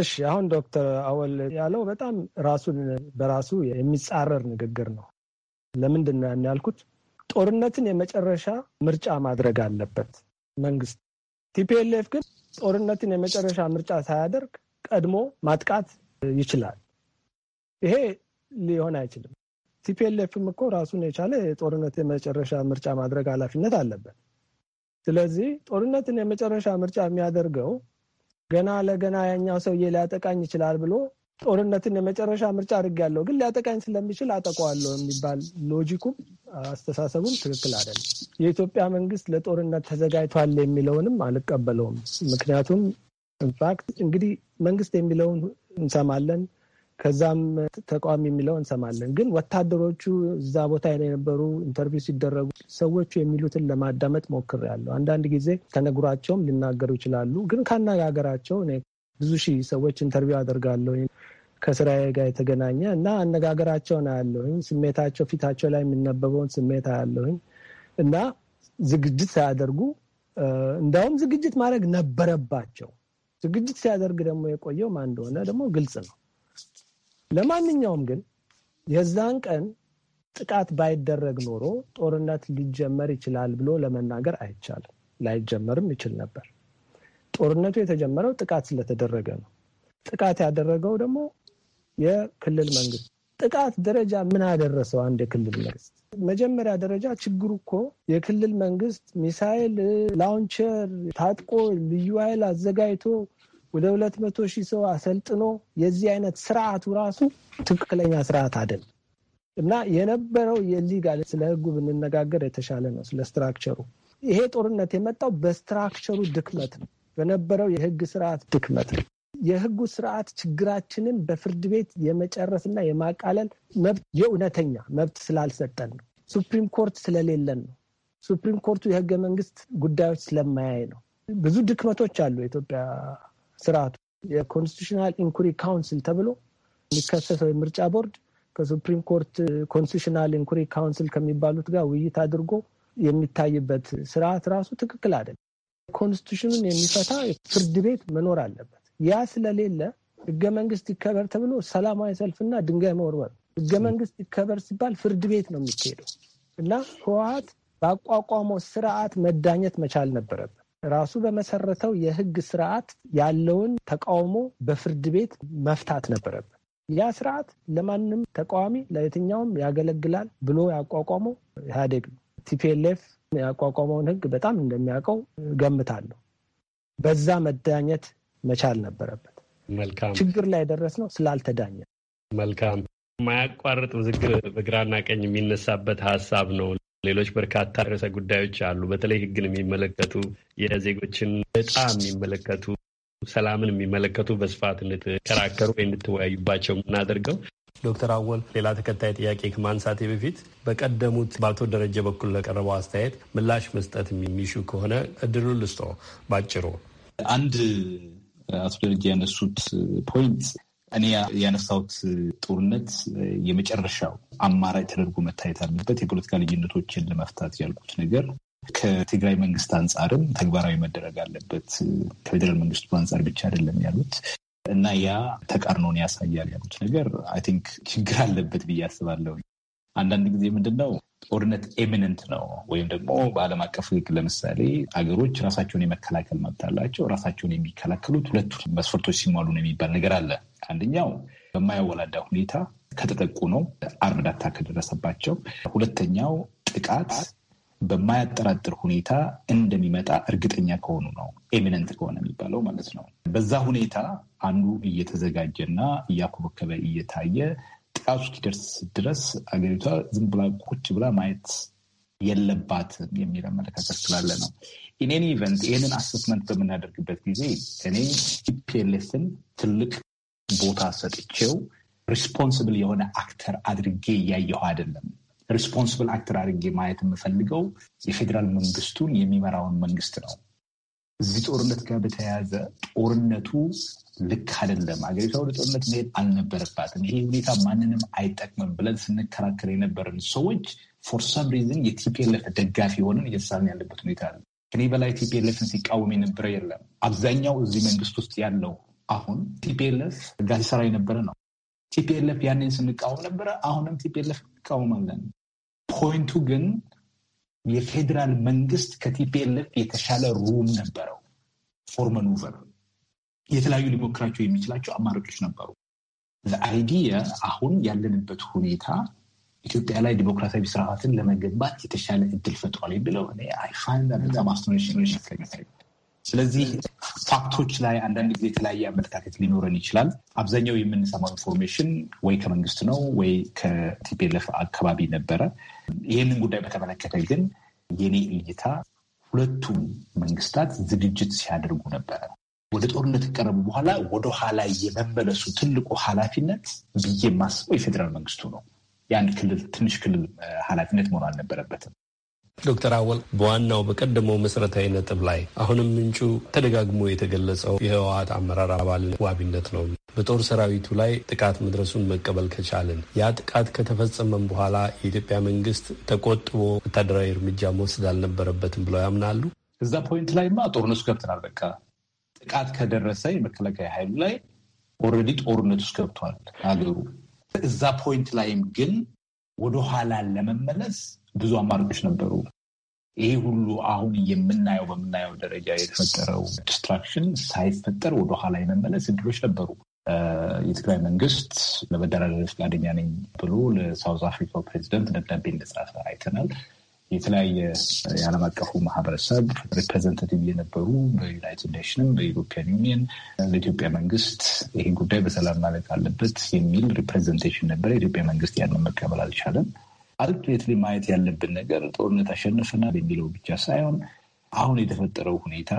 እሺ አሁን ዶክተር አወል ያለው በጣም ራሱን በራሱ የሚጻረር ንግግር ነው። ለምንድን ነው ያን ያልኩት? ጦርነትን የመጨረሻ ምርጫ ማድረግ አለበት መንግስት። ቲፒኤልኤፍ ግን ጦርነትን የመጨረሻ ምርጫ ሳያደርግ ቀድሞ ማጥቃት ይችላል። ይሄ ሊሆን አይችልም። ቲፒኤልኤፍም እኮ ራሱን የቻለ የጦርነት የመጨረሻ ምርጫ ማድረግ ኃላፊነት አለበት። ስለዚህ ጦርነትን የመጨረሻ ምርጫ የሚያደርገው ገና ለገና ያኛው ሰውዬ ሊያጠቃኝ ይችላል ብሎ ጦርነትን የመጨረሻ ምርጫ አድርጌያለሁ፣ ግን ሊያጠቃኝ ስለሚችል አጠቃዋለሁ የሚባል ሎጂኩም አስተሳሰቡም ትክክል አይደለም። የኢትዮጵያ መንግስት ለጦርነት ተዘጋጅቷል የሚለውንም አልቀበለውም። ምክንያቱም ኢንፋክት እንግዲህ መንግስት የሚለውን እንሰማለን፣ ከዛም ተቃዋሚ የሚለው እንሰማለን። ግን ወታደሮቹ እዛ ቦታ የነበሩ ኢንተርቪው ሲደረጉ ሰዎቹ የሚሉትን ለማዳመጥ ሞክሬያለሁ። አንዳንድ ጊዜ ተነግሯቸውም ሊናገሩ ይችላሉ። ግን ካነጋገራቸው እኔ ብዙ ሺህ ሰዎች ኢንተርቪው አደርጋለሁ ከስራዬ ጋር የተገናኘ እና አነጋገራቸውን አያለሁኝ። ስሜታቸው ፊታቸው ላይ የሚነበበውን ስሜት አያለሁኝ እና ዝግጅት ሳያደርጉ እንዲያውም ዝግጅት ማድረግ ነበረባቸው። ዝግጅት ሲያደርግ ደግሞ የቆየው ማን እንደሆነ ደግሞ ግልጽ ነው። ለማንኛውም ግን የዛን ቀን ጥቃት ባይደረግ ኖሮ ጦርነት ሊጀመር ይችላል ብሎ ለመናገር አይቻልም። ላይጀመርም ይችል ነበር። ጦርነቱ የተጀመረው ጥቃት ስለተደረገ ነው። ጥቃት ያደረገው ደግሞ የክልል መንግስት። ጥቃት ደረጃ ምን አደረሰው? አንድ የክልል መንግስት መጀመሪያ ደረጃ ችግሩ እኮ የክልል መንግስት ሚሳይል ላውንቸር ታጥቆ ልዩ ኃይል አዘጋጅቶ ወደ ሁለት መቶ ሺህ ሰው አሰልጥኖ የዚህ አይነት ስርዓቱ ራሱ ትክክለኛ ስርዓት አይደለም እና የነበረው የሊጋል ስለ ህጉ ብንነጋገር የተሻለ ነው። ስለ ስትራክቸሩ ይሄ ጦርነት የመጣው በስትራክቸሩ ድክመት ነው፣ በነበረው የህግ ስርዓት ድክመት ነው። የህጉ ስርዓት ችግራችንን በፍርድ ቤት የመጨረስና የማቃለል መብት የእውነተኛ መብት ስላልሰጠን ነው። ሱፕሪም ኮርት ስለሌለን ነው። ሱፕሪም ኮርቱ የህገ መንግስት ጉዳዮች ስለማያይ ነው። ብዙ ድክመቶች አሉ የኢትዮጵያ ስርዓቱ የኮንስቲቱሽናል ኢንኩሪ ካውንስል ተብሎ የሚከሰሰው የምርጫ ቦርድ ከሱፕሪም ኮርት ኮንስቲቱሽናል ኢንኩሪ ካውንስል ከሚባሉት ጋር ውይይት አድርጎ የሚታይበት ስርዓት ራሱ ትክክል አይደለም። ኮንስቲቱሽኑን የሚፈታ ፍርድ ቤት መኖር አለበት። ያ ስለሌለ ህገ መንግስት ይከበር ተብሎ ሰላማዊ ሰልፍና ድንጋይ መወርወር፣ ህገ መንግስት ይከበር ሲባል ፍርድ ቤት ነው የሚካሄደው እና ህወሀት በአቋቋመው ስርዓት መዳኘት መቻል ነበረበት። ራሱ በመሰረተው የህግ ስርዓት ያለውን ተቃውሞ በፍርድ ቤት መፍታት ነበረበት። ያ ስርዓት ለማንም ተቃዋሚ ለየትኛውም ያገለግላል ብሎ ያቋቋመው ኢህአዴግ ነው። ቲፒኤልኤፍ ያቋቋመውን ህግ በጣም እንደሚያውቀው ገምታለሁ። በዛ መዳኘት መቻል ነበረበት። መልካም ችግር ላይ የደረስነው ስላልተዳኘ። መልካም የማያቋርጥ ውዝግብ በግራና ቀኝ የሚነሳበት ሀሳብ ነው። ሌሎች በርካታ ርዕሰ ጉዳዮች አሉ። በተለይ ህግን የሚመለከቱ የዜጎችን ዕጣ የሚመለከቱ ሰላምን የሚመለከቱ በስፋት እንድትከራከሩ ወይ እንድትወያዩባቸው የምናደርገው ዶክተር አወል ሌላ ተከታይ ጥያቄ ከማንሳቴ በፊት በቀደሙት በአቶ ደረጀ በኩል ለቀረበው አስተያየት ምላሽ መስጠት የሚሹ ከሆነ እድሉ ልስጦ ባጭሩ አንድ አቶ ደረጃ ያነሱት ፖይንት እኔ ያነሳሁት ጦርነት የመጨረሻው አማራጭ ተደርጎ መታየት አለበት፣ የፖለቲካ ልዩነቶችን ለመፍታት ያልኩት ነገር ከትግራይ መንግስት አንጻርም ተግባራዊ መደረግ አለበት። ከፌዴራል መንግስቱ አንጻር ብቻ አይደለም ያሉት እና ያ ተቃርኖን ያሳያል ያሉት ነገር አይ ቲንክ ችግር አለበት ብዬ አስባለሁ። አንዳንድ ጊዜ ምንድን ነው ጦርነት ኤሚነንት ነው ወይም ደግሞ በዓለም አቀፍ ሕግ ለምሳሌ አገሮች ራሳቸውን የመከላከል መብት አላቸው። ራሳቸውን የሚከላከሉት ሁለቱ መስፈርቶች ሲሟሉ ነው የሚባል ነገር አለ። አንደኛው በማያወላዳ ሁኔታ ከተጠቁ ነው አርዳታ ከደረሰባቸው። ሁለተኛው ጥቃት በማያጠራጥር ሁኔታ እንደሚመጣ እርግጠኛ ከሆኑ ነው፣ ኤሚነንት ከሆነ የሚባለው ማለት ነው። በዛ ሁኔታ አንዱ እየተዘጋጀና እያኮበከበ እየታየ ጥቃቱ እስኪደርስ ድረስ አገሪቷ ዝም ብላ ቁጭ ብላ ማየት የለባትም የሚል አመለካከት ስላለ ነው። ኢኔን ኢቨንት ይህንን አሰስመንት በምናደርግበት ጊዜ እኔ ፒኤልኤፍን ትልቅ ቦታ ሰጥቼው ሪስፖንስብል የሆነ አክተር አድርጌ እያየሁ አይደለም። ሪስፖንስብል አክተር አድርጌ ማየት የምፈልገው የፌዴራል መንግስቱን የሚመራውን መንግስት ነው። እዚህ ጦርነት ጋር በተያያዘ ጦርነቱ ልክ አይደለም፣ አገሪቷ ወደ ጦርነት መሄድ አልነበረባትም፣ ይሄ ሁኔታ ማንንም አይጠቅምም ብለን ስንከራከር የነበረን ሰዎች ፎር ሰም ሪዝን የቲፒኤልኤፍ ደጋፊ የሆነን እየተሳልን ያለበት ሁኔታ አለ። ከኔ በላይ ቲፒኤልኤፍን ሲቃወም የነበረ የለም። አብዛኛው እዚህ መንግስት ውስጥ ያለው አሁን ቲፒኤልኤፍ ጋር ሲሰራ የነበረ ነው። ቲፒኤልኤፍ ያንን ስንቃወም ነበረ። አሁንም ቲፒኤልኤፍ እንቃወማለን። ፖይንቱ ግን የፌዴራል መንግስት ከቲፒኤልኤፍ የተሻለ ሩም ነበረው ፎር መኑቨር። የተለያዩ ሊሞክራቸው የሚችላቸው አማራጮች ነበሩ። ለአይዲየ አሁን ያለንበት ሁኔታ ኢትዮጵያ ላይ ዲሞክራሲያዊ ስርዓትን ለመገንባት የተሻለ እድል ፈጥሯል ብለው እኔ አይ በጣም አስቶኒሽን ስለዚህ ፋክቶች ላይ አንዳንድ ጊዜ የተለያየ አመለካከት ሊኖረን ይችላል። አብዛኛው የምንሰማው ኢንፎርሜሽን ወይ ከመንግስት ነው ወይ ከቲፒኤልኤፍ አካባቢ ነበረ። ይህንን ጉዳይ በተመለከተ ግን የኔ እይታ ሁለቱም መንግስታት ዝግጅት ሲያደርጉ ነበረ። ወደ ጦርነት ከቀረቡ በኋላ ወደ ኋላ የመመለሱ ትልቁ ኃላፊነት ብዬ ማስበው የፌዴራል መንግስቱ ነው። የአንድ ክልል ትንሽ ክልል ኃላፊነት መሆን አልነበረበትም። ዶክተር አወል በዋናው በቀደመው መሰረታዊ ነጥብ ላይ አሁንም ምንጩ ተደጋግሞ የተገለጸው የህወሀት አመራር አባል ዋቢነት ነው። በጦር ሰራዊቱ ላይ ጥቃት መድረሱን መቀበል ከቻልን ያ ጥቃት ከተፈጸመም በኋላ የኢትዮጵያ መንግስት ተቆጥቦ ወታደራዊ እርምጃ መውሰድ አልነበረበትም ብለው ያምናሉ። እዛ ፖይንት ላይማ ጦርነቱ ገብተናል። በቃ ጥቃት ከደረሰ የመከላከያ ኃይሉ ላይ ኦልሬዲ ጦርነት ውስጥ ገብቷል ሀገሩ። እዛ ፖይንት ላይም ግን ወደኋላ ለመመለስ ብዙ አማራጮች ነበሩ። ይሄ ሁሉ አሁን የምናየው በምናየው ደረጃ የተፈጠረው ዲስትራክሽን ሳይፈጠር ወደኋላ የመመለስ እድሎች ነበሩ። የትግራይ መንግስት ለመደራደር ፈቃደኛ ነኝ ብሎ ለሳውዝ አፍሪካው ፕሬዚደንት ደብዳቤ እንደጻፈ አይተናል። የተለያየ የዓለም አቀፉ ማህበረሰብ ሪፕሬዘንታቲቭ የነበሩ በዩናይትድ ኔሽንም በኢሮፒያን ዩኒየን ለኢትዮጵያ መንግስት ይሄ ጉዳይ በሰላም ማለት አለበት የሚል ሪፕሬዘንቴሽን ነበረ። የኢትዮጵያ መንግስት ያንን መቀበል አልቻለም። አልቲሜትሊ ማየት ያለብን ነገር ጦርነት አሸንፈናል የሚለው ብቻ ሳይሆን አሁን የተፈጠረው ሁኔታ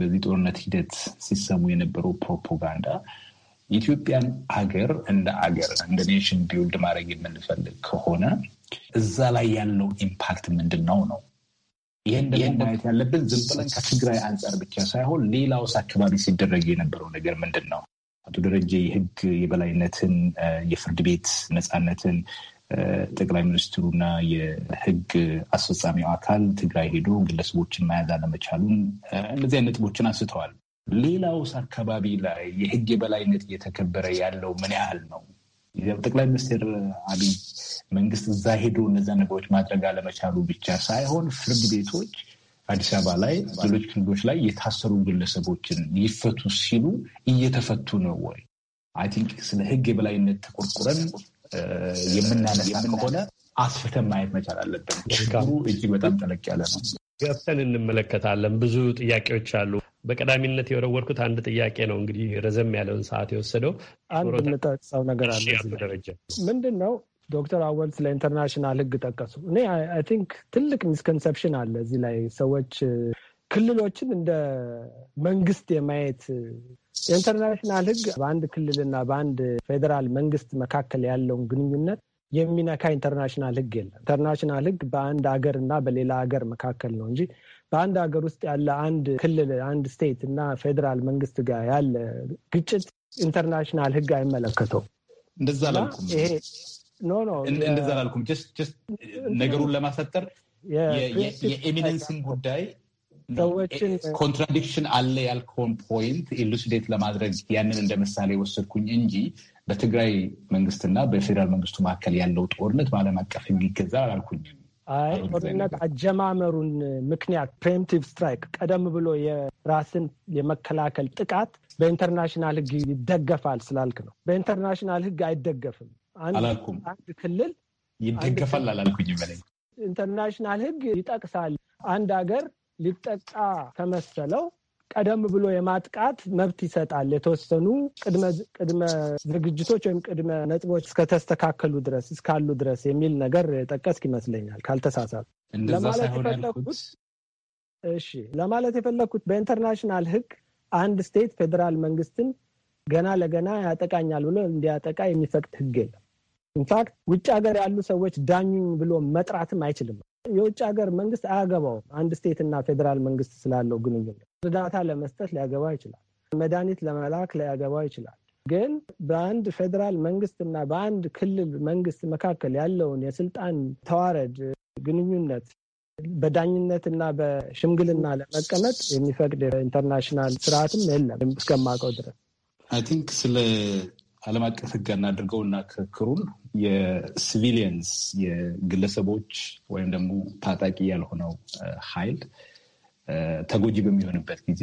በዚህ ጦርነት ሂደት ሲሰሙ የነበረው ፕሮፓጋንዳ የኢትዮጵያን አገር እንደ አገር እንደ ኔሽን ቢውልድ ማድረግ የምንፈልግ ከሆነ እዛ ላይ ያለው ኢምፓክት ምንድን ነው ነው። ይህን ደግሞ ማየት ያለብን ዝም ብለን ከትግራይ አንጻር ብቻ ሳይሆን ሌላውስ አካባቢ ሲደረግ የነበረው ነገር ምንድን ነው? አቶ ደረጀ የህግ የበላይነትን የፍርድ ቤት ነፃነትን ጠቅላይ ሚኒስትሩና የህግ አስፈጻሚው አካል ትግራይ ሄዶ ግለሰቦችን መያዝ አለመቻሉን እነዚህ አይነት ነጥቦችን አንስተዋል። ሌላውስ አካባቢ ላይ የህግ የበላይነት እየተከበረ ያለው ምን ያህል ነው? ጠቅላይ ሚኒስትር አብይ መንግስት እዛ ሄዶ እነዚያ ነገሮች ማድረግ አለመቻሉ ብቻ ሳይሆን ፍርድ ቤቶች አዲስ አበባ ላይ ሌሎች ክልሎች ላይ የታሰሩ ግለሰቦችን ይፈቱ ሲሉ እየተፈቱ ነው ወይ? አይ ቲንክ ስለ ህግ የበላይነት ተቆርቁረን የምናነሳ ከሆነ አስፍተን ማየት መቻል አለብን። ችግሩ እጅግ በጣም ጠለቅ ያለ ነው። ገብተን እንመለከታለን። ብዙ ጥያቄዎች አሉ። በቀዳሚነት የወረወርኩት አንድ ጥያቄ ነው። እንግዲህ ረዘም ያለውን ሰዓት የወሰደው አንድ የምጠቅሰው ነገር አለ። ደረጃ ምንድን ነው? ዶክተር አወል ስለ ኢንተርናሽናል ህግ ጠቀሱ። እኔ አይ ቲንክ ትልቅ ሚስኮንሰፕሽን አለ እዚህ ላይ ሰዎች ክልሎችን እንደ መንግስት የማየት የኢንተርናሽናል ህግ በአንድ ክልልና በአንድ ፌዴራል መንግስት መካከል ያለውን ግንኙነት የሚነካ ኢንተርናሽናል ህግ የለም። ኢንተርናሽናል ህግ በአንድ ሀገር እና በሌላ ሀገር መካከል ነው እንጂ በአንድ ሀገር ውስጥ ያለ አንድ ክልል አንድ ስቴት እና ፌዴራል መንግስት ጋር ያለ ግጭት ኢንተርናሽናል ህግ አይመለከተውም። እንደዛ አላልኩም። ይሄ ኖ ኖ እንደዛ አላልኩም። ነገሩን ለማሳጠር የኤሚነንስን ጉዳይ ሰዎችን ኮንትራዲክሽን አለ ያልከውን ፖይንት ኢሉሲዴት ለማድረግ ያንን እንደ ምሳሌ ወሰድኩኝ እንጂ በትግራይ መንግስትና በፌዴራል መንግስቱ መካከል ያለው ጦርነት በዓለም አቀፍ ሕግ አላልኩኝ። አይ ጦርነት አጀማመሩን ምክንያት ፕሬምቲቭ ስትራይክ ቀደም ብሎ የራስን የመከላከል ጥቃት በኢንተርናሽናል ህግ ይደገፋል ስላልክ ነው። በኢንተርናሽናል ህግ አይደገፍም አንድ ክልል ይደገፋል አላልኩኝ። በላይ ኢንተርናሽናል ህግ ይጠቅሳል አንድ ሀገር ሊጠቃ ከመሰለው ቀደም ብሎ የማጥቃት መብት ይሰጣል። የተወሰኑ ቅድመ ዝግጅቶች ወይም ቅድመ ነጥቦች እስከተስተካከሉ ድረስ እስካሉ ድረስ የሚል ነገር የጠቀስክ ይመስለኛል ካልተሳሳት። እሺ ለማለት የፈለግኩት በኢንተርናሽናል ሕግ አንድ ስቴት ፌዴራል መንግስትን ገና ለገና ያጠቃኛል ብሎ እንዲያጠቃ የሚፈቅድ ሕግ የለም። ኢንፋክት ውጭ ሀገር ያሉ ሰዎች ዳኙኝ ብሎ መጥራትም አይችልም። የውጭ ሀገር መንግስት አያገባውም። አንድ እና ፌዴራል መንግስት ስላለው ግንኙነት እርዳታ ለመስጠት ሊያገባ ይችላል። መድኃኒት ለመላክ ሊያገባ ይችላል። ግን በአንድ ፌዴራል መንግስትና በአንድ ክልል መንግስት መካከል ያለውን የስልጣን ተዋረድ ግንኙነት በዳኝነትና በሽምግልና ለመቀመጥ የሚፈቅድ ኢንተርናሽናል ስርዓትም የለም እስከማውቀው ድረስ አይ ቲንክ ስለ ዓለም አቀፍ ሕግ እናድርገውና ክርክሩን የሲቪሊየንስ የግለሰቦች ወይም ደግሞ ታጣቂ ያልሆነው ኃይል ተጎጂ በሚሆንበት ጊዜ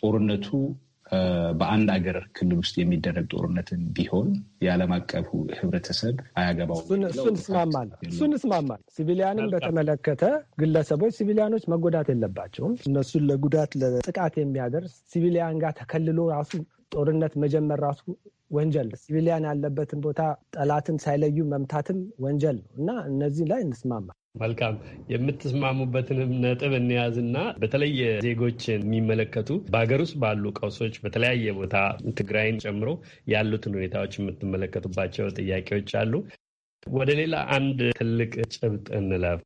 ጦርነቱ በአንድ አገር ክልል ውስጥ የሚደረግ ጦርነትን ቢሆን የዓለም አቀፉ ህብረተሰብ አያገባው። እሱን እስማማለሁ እሱን ሲቪሊያንን በተመለከተ ግለሰቦች ሲቪሊያኖች መጎዳት የለባቸውም። እነሱን ለጉዳት ለጥቃት የሚያደርስ ሲቪሊያን ጋር ተከልሎ ራሱ ጦርነት መጀመር ራሱ ወንጀል፣ ሲቪሊያን ያለበትን ቦታ ጠላትን ሳይለዩ መምታትም ወንጀል ነው እና እነዚህ ላይ እንስማማ። መልካም የምትስማሙበትንም ነጥብ እንያዝና በተለየ ዜጎች የሚመለከቱ በሀገር ውስጥ ባሉ ቀውሶች በተለያየ ቦታ ትግራይን ጨምሮ ያሉትን ሁኔታዎች የምትመለከቱባቸው ጥያቄዎች አሉ። ወደ ሌላ አንድ ትልቅ ጭብጥ እንለፍ።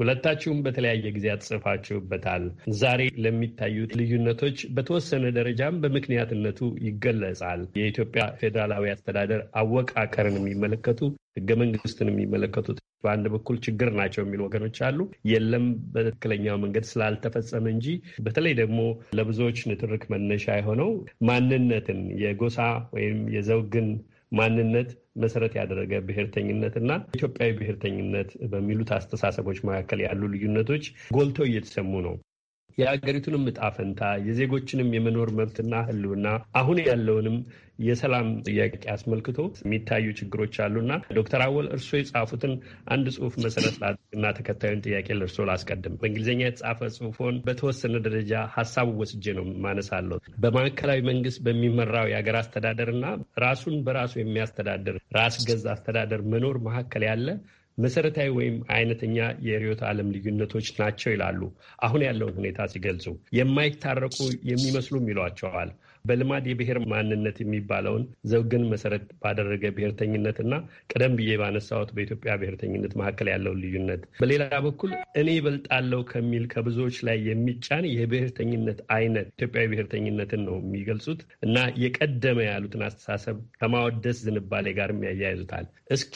ሁለታችሁም በተለያየ ጊዜያት ጽፋችሁበታል። ዛሬ ለሚታዩት ልዩነቶች በተወሰነ ደረጃም በምክንያትነቱ ይገለጻል። የኢትዮጵያ ፌዴራላዊ አስተዳደር አወቃቀርን የሚመለከቱ ህገ መንግስትን የሚመለከቱት በአንድ በኩል ችግር ናቸው የሚሉ ወገኖች አሉ። የለም በትክክለኛው መንገድ ስላልተፈጸመ እንጂ በተለይ ደግሞ ለብዙዎች ንትርክ መነሻ የሆነው ማንነትን የጎሳ ወይም የዘውግን ማንነት መሰረት ያደረገ ብሔርተኝነት እና ኢትዮጵያዊ ብሔርተኝነት በሚሉት አስተሳሰቦች መካከል ያሉ ልዩነቶች ጎልተው እየተሰሙ ነው። የሀገሪቱንም እጣ ፈንታ የዜጎችንም የመኖር መብትና ሕልውና አሁን ያለውንም የሰላም ጥያቄ አስመልክቶ የሚታዩ ችግሮች አሉና ዶክተር አወል እርስዎ የጻፉትን አንድ ጽሁፍ መሰረት ላድርግና ተከታዩን ጥያቄ ለእርስዎ ላስቀድም። በእንግሊዝኛ የተጻፈ ጽሁፎን በተወሰነ ደረጃ ሀሳቡ ወስጄ ነው ማነሳለሁ። በማዕከላዊ መንግስት በሚመራው የሀገር አስተዳደርና ራሱን በራሱ የሚያስተዳድር ራስ ገዝ አስተዳደር መኖር መካከል ያለ መሰረታዊ ወይም አይነተኛ የርዕዮተ ዓለም ልዩነቶች ናቸው ይላሉ። አሁን ያለውን ሁኔታ ሲገልጹ የማይታረቁ የሚመስሉም ይሏቸዋል። በልማድ የብሔር ማንነት የሚባለውን ዘውግን መሰረት ባደረገ ብሔርተኝነት እና ቀደም ብዬ ባነሳሁት በኢትዮጵያ ብሔርተኝነት መካከል ያለውን ልዩነት፣ በሌላ በኩል እኔ ይበልጣለው ከሚል ከብዙዎች ላይ የሚጫን የብሔርተኝነት አይነት ኢትዮጵያዊ ብሔርተኝነትን ነው የሚገልጹት እና የቀደመ ያሉትን አስተሳሰብ ከማወደስ ዝንባሌ ጋር የሚያያይዙታል። እስኪ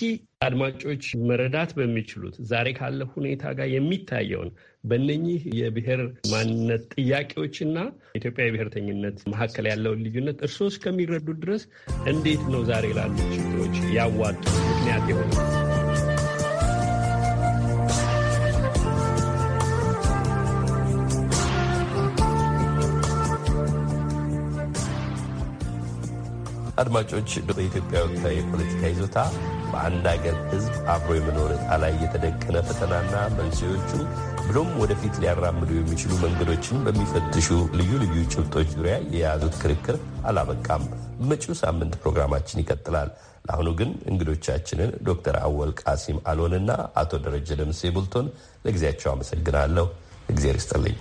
አድማጮች መረዳት በሚችሉት ዛሬ ካለ ሁኔታ ጋር የሚታየውን በእነኚህ የብሔር ማንነት ጥያቄዎችና ኢትዮጵያ የብሔርተኝነት መካከል ያለውን ልዩነት እርስዎ እስከሚረዱት ድረስ እንዴት ነው ዛሬ ላሉ ችግሮች ያዋጡ ምክንያት የሆነ አድማጮች በኢትዮጵያ ወቅታዊ የፖለቲካ ይዞታ በአንድ አገር ሕዝብ አብሮ የመኖር ዕጣ ላይ የተደቀነ ፈተናና መንስኤዎቹ ብሎም ወደፊት ሊያራምዱ የሚችሉ መንገዶችን በሚፈትሹ ልዩ ልዩ ጭብጦች ዙሪያ የያዙት ክርክር አላበቃም። መጪው ሳምንት ፕሮግራማችን ይቀጥላል። ለአሁኑ ግን እንግዶቻችንን ዶክተር አወል ቃሲም አሎንና አቶ ደረጀ ደምሴ ቡልቶን ለጊዜያቸው አመሰግናለሁ። እግዜር ይስጥልኝ።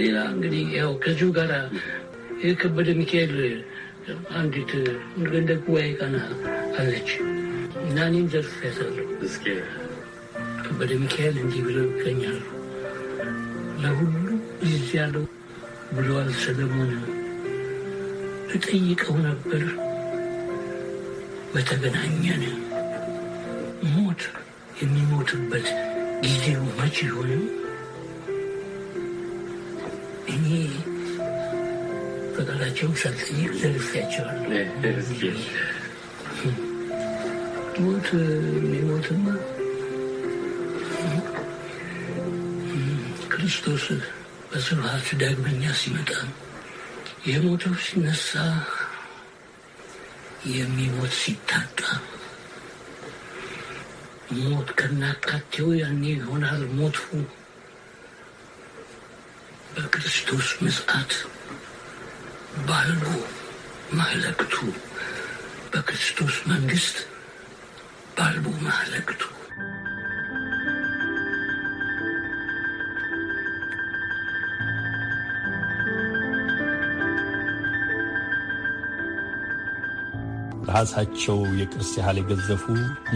ሌላ እንግዲህ ያው ከዚሁ ጋር የከበደ ሚካኤል አንዲት ገንደ ጉባኤ ቀና አለች እና እኔም ዘርፍ ያሳለሁ ከበደ ሚካኤል እንዲህ ብለው ይገኛሉ። ለሁሉ ጊዜ ያለው ብለዋል ሰለሞን እጠይቀው ነበር በተገናኘን የሞቱበት ጊዜው መች ይሆን? እኔ በቃላቸው ሰልጥዬ ደርሻቸዋለሁ። ሞት የሚሞትማ ክርስቶስ በስብሐት ዳግመኛ ሲመጣ የሞተው ሲነሳ፣ የሚሞት ሲታጣ موت كنا تغطيو يعني هنا هذا الموت هو በክርስቶስ ምጽአት ባህሉ ማህለክቱ በክርስቶስ መንግስት ባልቡ ማህለክቱ ራሳቸው የቅርስ ያህል የገዘፉ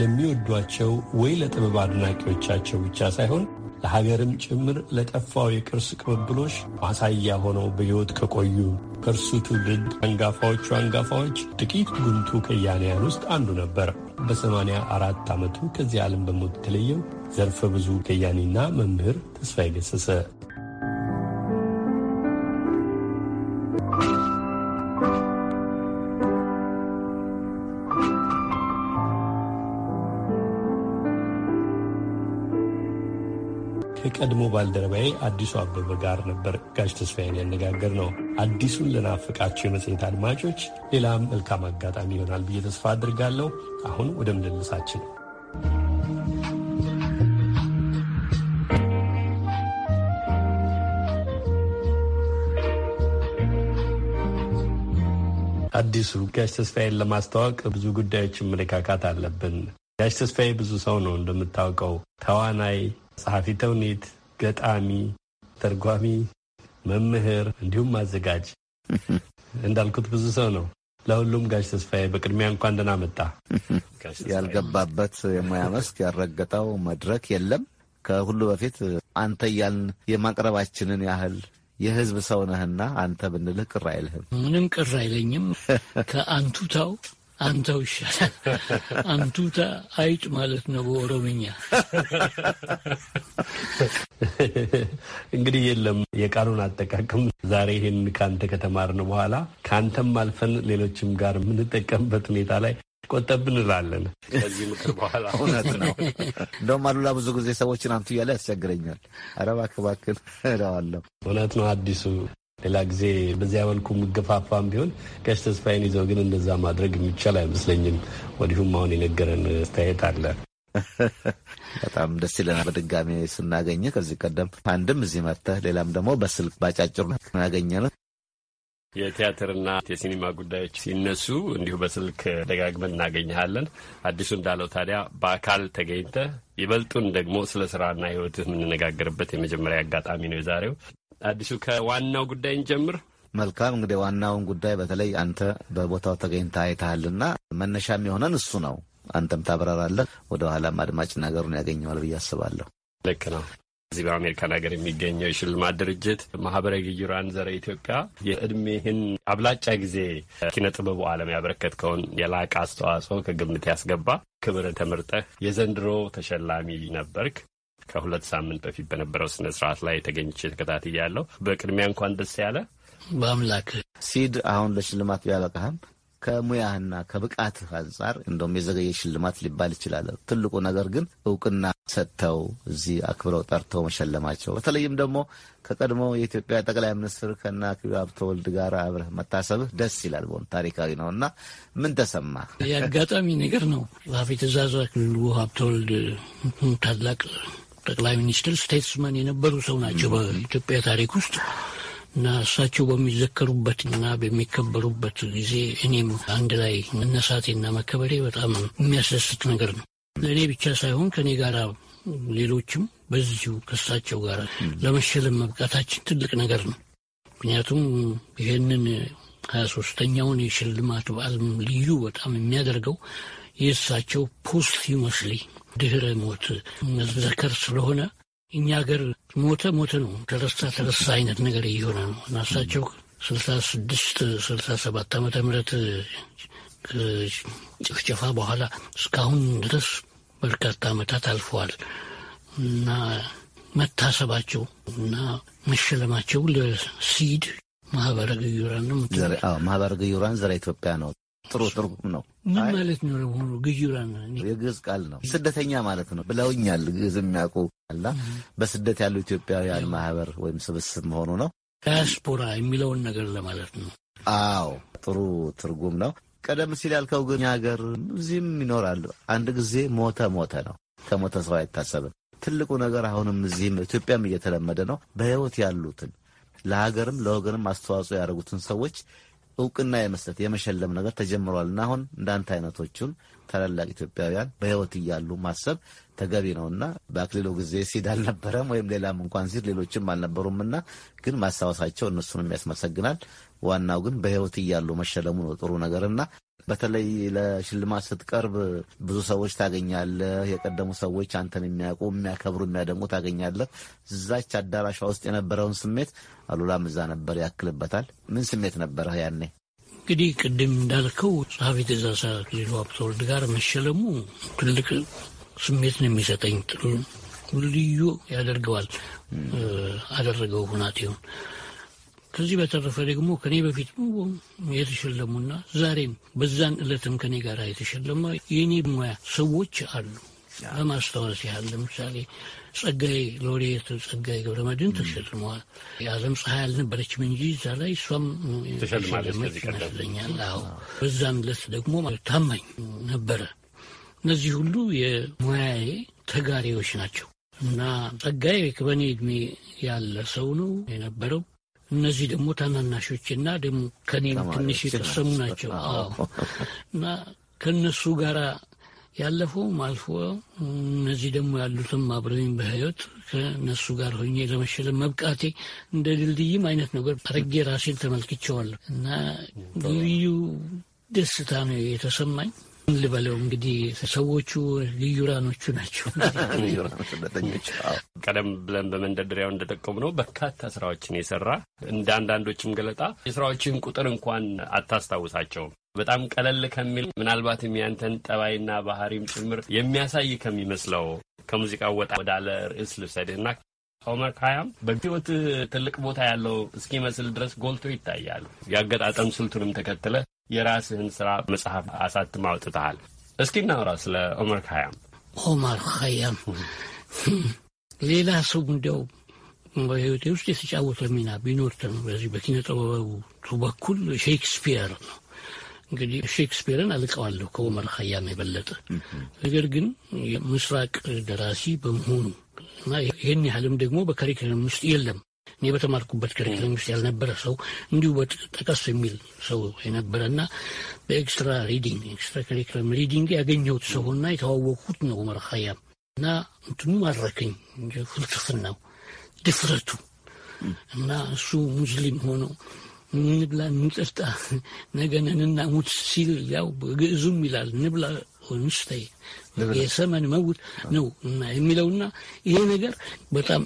ለሚወዷቸው ወይ ለጥበብ አድናቂዎቻቸው ብቻ ሳይሆን ለሀገርም ጭምር ለጠፋው የቅርስ ቅብብሎች ማሳያ ሆነው በሕይወት ከቆዩ ከእርሱ ትውልድ አንጋፋዎቹ አንጋፋዎች ጥቂት ጉምቱ ከያንያን ውስጥ አንዱ ነበር። በሰማንያ አራት ዓመቱ ከዚህ ዓለም በሞት የተለየው ዘርፈ ብዙ ከያኒና መምህር ተስፋዬ ገሰሰ ከቀድሞ ባልደረባዬ አዲሱ አበበ ጋር ነበር ጋሽ ተስፋዬን ያነጋገር ነው። አዲሱን ለናፍቃቸው የመጽሔት አድማጮች ሌላም መልካም አጋጣሚ ይሆናል ብዬ ተስፋ አድርጋለሁ። አሁን ወደ ምልልሳችን አዲሱ ጋሽ ተስፋዬን ለማስተዋወቅ ብዙ ጉዳዮችን መለካካት አለብን። ጋሽ ተስፋዬ ብዙ ሰው ነው እንደምታውቀው፣ ተዋናይ፣ ጸሐፊ ተውኔት፣ ገጣሚ፣ ተርጓሚ፣ መምህር እንዲሁም አዘጋጅ እንዳልኩት ብዙ ሰው ነው። ለሁሉም ጋሽ ተስፋዬ በቅድሚያ እንኳን ደህና መጣ። ያልገባበት የሙያ መስክ ያልረገጠው መድረክ የለም። ከሁሉ በፊት አንተ እያልን የማቅረባችንን ያህል የህዝብ ሰው ነህና አንተ ብንልህ ቅር አይልህም? ምንም ቅር አይለኝም። ከአንቱታው አንተው ይሻላል። አንቱታ አይጥ ማለት ነው በኦሮምኛ። እንግዲህ የለም የቃሉን አጠቃቀም ዛሬ ይህን ከአንተ ከተማርን በኋላ ከአንተም አልፈን ሌሎችም ጋር የምንጠቀምበት ሁኔታ ላይ ቆጠብ እንላለን። ከዚህ ምክር በኋላ እውነት ነው። እንደውም አሉላ ብዙ ጊዜ ሰዎችን አንቱ እያለ ያስቸግረኛል። ኧረ እባክህ እባክህ እለዋለሁ። እውነት ነው አዲሱ ሌላ ጊዜ በዚያ መልኩ የምገፋፋም ቢሆን ቀሽ ተስፋዬን ይዘው ግን እንደዛ ማድረግ የሚቻል አይመስለኝም። ወዲሁም አሁን የነገረን አስተያየት አለ። በጣም ደስ ይለናል በድጋሚ ስናገኘ። ከዚህ ቀደም አንድም እዚህ መጥተህ ሌላም ደግሞ በስልክ ባጫጭሩ ናገኘ ነው የቲያትርና የሲኒማ ጉዳዮች ሲነሱ እንዲሁ በስልክ ደጋግመን እናገኘሃለን። አዲሱ እንዳለው ታዲያ በአካል ተገኝተህ ይበልጡን ደግሞ ስለ ስራና ሕይወትህ የምንነጋገርበት የመጀመሪያ አጋጣሚ ነው የዛሬው። አዲሱ ከዋናው ጉዳይ እንጀምር። መልካም እንግዲህ ዋናውን ጉዳይ በተለይ አንተ በቦታው ተገኝታ አይተሃልና መነሻ የሚሆነን እሱ ነው። አንተም ታብራራለህ። ወደ ኋላም አድማጭ ነገሩን ያገኘዋል ብዬ አስባለሁ። ልክ ነው። እዚህ በአሜሪካን ሀገር የሚገኘው የሽልማት ድርጅት ማህበረ ግዩራን ዘረ ኢትዮጵያ የእድሜህን አብላጫ ጊዜ ኪነ ጥበቡ ዓለም ያበረከትከውን የላቀ አስተዋጽኦ ከግምት ያስገባ ክብር ተመርጠህ የዘንድሮ ተሸላሚ ነበርክ። ከሁለት ሳምንት በፊት በነበረው ስነ ስርዓት ላይ ተገኝቼ ተከታትያለሁ። በቅድሚያ እንኳን ደስ ያለ በአምላክ ሲድ አሁን ለሽልማት ቢያበቃህም ከሙያህና ከብቃት አንጻር እንደውም የዘገየ ሽልማት ሊባል ይችላል። ትልቁ ነገር ግን እውቅና ሰጥተው እዚህ አክብረው ጠርተው መሸለማቸው፣ በተለይም ደግሞ ከቀድሞ የኢትዮጵያ ጠቅላይ ሚኒስትር ከነ አክሊሉ ሀብተወልድ ጋር አብረህ መታሰብህ ደስ ይላል። በሆኑ ታሪካዊ ነው እና ምን ተሰማ? የአጋጣሚ ነገር ነው። ጸሐፊ ትእዛዝ አክሊሉ ሀብተወልድ ታላቅ ጠቅላይ ሚኒስትር ስቴትስመን የነበሩ ሰው ናቸው በኢትዮጵያ ታሪክ ውስጥ እና እሳቸው በሚዘከሩበት ና በሚከበሩበት ጊዜ እኔም አንድ ላይ መነሳቴና መከበሬ በጣም የሚያስደስት ነገር ነው። ለእኔ ብቻ ሳይሆን ከእኔ ጋር ሌሎችም በዚሁ ከእሳቸው ጋር ለመሸለም መብቃታችን ትልቅ ነገር ነው። ምክንያቱም ይህንን ሀያ ሶስተኛውን የሽልማት በዓል ልዩ በጣም የሚያደርገው የእሳቸው ፖስት ይመስሊ ድህረ ሞት መዘከር ስለሆነ እኛ ሀገር ሞተ ሞተ ነው፣ ተረሳ ተረሳ አይነት ነገር እየሆነ ነው እና እሳቸው ስልሳ ስድስት ስልሳ ሰባት ዓመተ ምህረት ጭፍጨፋ በኋላ እስካሁን ድረስ በርካታ ዓመታት አልፈዋል እና መታሰባቸው እና መሸለማቸው ለሲድ ማህበረ ግዩራን ነው። ማህበረ ግዩራን ዘራ ኢትዮጵያ ነው ጥሩ ትርጉም ነው። ምን ማለት ነው? ለመሆኑ ግዩራን የግዕዝ ቃል ነው፣ ስደተኛ ማለት ነው ብለውኛል። ግዕዝ የሚያውቁ አላ በስደት ያሉ ኢትዮጵያውያን ማህበር ወይም ስብስብ መሆኑ ነው። ዳያስፖራ የሚለውን ነገር ለማለት ነው። አዎ ጥሩ ትርጉም ነው። ቀደም ሲል ያልከው ግን ሀገር እዚህም ይኖራሉ። አንድ ጊዜ ሞተ ሞተ ነው። ከሞተ ሰው አይታሰብም። ትልቁ ነገር አሁንም እዚህም ኢትዮጵያም እየተለመደ ነው። በህይወት ያሉትን ለሀገርም ለወገንም አስተዋጽኦ ያደረጉትን ሰዎች እውቅና የመስጠት የመሸለም ነገር ተጀምሯል እና አሁን እንዳንተ አይነቶቹን ታላላቅ ኢትዮጵያውያን በህይወት እያሉ ማሰብ ተገቢ እና በአክሊሉ ጊዜ ሲድ አልነበረም ወይም ሌላም እንኳን ሲድ ሌሎችም አልነበሩምና ግን ማስታወሳቸው እነሱንም ያስመሰግናል። ዋናው ግን በህይወት እያሉ መሸለሙ ነው ጥሩ ነገርና በተለይ ለሽልማት ስትቀርብ ብዙ ሰዎች ታገኛለህ። የቀደሙ ሰዎች አንተን የሚያውቁ የሚያከብሩ፣ የሚያደንቁ ታገኛለህ። እዛች አዳራሿ ውስጥ የነበረውን ስሜት አሉላም እዛ ነበር ያክልበታል። ምን ስሜት ነበረ ያኔ? እንግዲህ ቅድም እንዳልከው ጸሐፊ ትእዛዝ አክሊሉ ሀብተወልድ ጋር መሸለሙ ትልቅ ስሜት ነው የሚሰጠኝ። ልዩ ያደርገዋል። አደረገው ሁናቴውን ከዚህ በተረፈ ደግሞ ከኔ በፊት የተሸለሙና ዛሬም በዛን እለትም ከኔ ጋር የተሸለመ የኔ ሙያ ሰዎች አሉ። በማስታወስ ያህል ለምሳሌ ጸጋይ ሎሬት ገብረ መድን ተሸልመዋል። የዓለም ፀሐይ አልነበረችም እንጂ እዛ ላይ እሷም ተሸልማለች ይመስለኛል። አዎ በዛም ዕለት ደግሞ ታማኝ ነበረ። እነዚህ ሁሉ የሙያዬ ተጋሪዎች ናቸው እና ጸጋይ ከበኔ እድሜ ያለ ሰው ነው የነበረው እነዚህ ደግሞ ታናናሾችና ደግሞ ከኔም ትንሽ የቀሰሙ ናቸው እና ከእነሱ ጋር ያለፈውም አልፎ እነዚህ ደግሞ ያሉትም አብረኝ በህይወት ከእነሱ ጋር ሆኜ ለመሸለም መብቃቴ እንደ ድልድይም አይነት ነገር አድርጌ ራሴን ተመልክቼዋለሁ እና ልዩ ደስታ ነው የተሰማኝ። ልበለው እንግዲህ ሰዎቹ ልዩራኖቹ ናቸው። ቀደም ብለን በመንደርደሪያው እንደጠቀሙ ነው በርካታ ስራዎችን የሰራ እንደ አንዳንዶችም ገለጣ የስራዎችን ቁጥር እንኳን አታስታውሳቸውም። በጣም ቀለል ከሚል ምናልባት የሚያንተን ጠባይና ባህሪም ጭምር የሚያሳይ ከሚመስለው ከሙዚቃ ወጣ ወዳለ ርዕስ ልብሰድህና ኦመር ካያም በህይወት ትልቅ ቦታ ያለው እስኪመስል ድረስ ጎልቶ ይታያል። የአገጣጠም ስልቱንም ተከትለ የራስህን ስራ መጽሐፍ አሳትም አውጥተሃል። እስኪ እናውራ ስለ ኦመር ኸያም። ኦመር ኸያም ሌላ ሰው እንዲያው በህይወቴ ውስጥ የተጫወተ ሚና ቢኖር በዚህ በኪነ ጥበቡ በኩል ሼክስፒየር ነው። እንግዲህ ሼክስፒርን አልቀዋለሁ ከኦመር ኸያም የበለጠ ነገር ግን የምስራቅ ደራሲ በመሆኑ እና ይህን ያህልም ደግሞ በከሪክለም ውስጥ የለም እኔ በተማርኩበት ክሪክለም ውስጥ ያልነበረ ሰው እንዲሁ ጠቀስ የሚል ሰው የነበረ እና በኤክስትራ ሪዲንግ ኤክስትራ ክሪክለም ሪዲንግ ያገኘሁት ሰውና የተዋወቅሁት ነው ዑመር ኸያም እና እንትኑ ማረከኝ ፍልስፍናው፣ ድፍረቱ እና እሱ ሙስሊም ሆኖ እንብላ እንጠጣ ነገነን እና ሙት ሲል ያው ግዕዙም ይላል ንብላ ንስተይ የሰመን መውት ነው እና የሚለውና ይሄ ነገር በጣም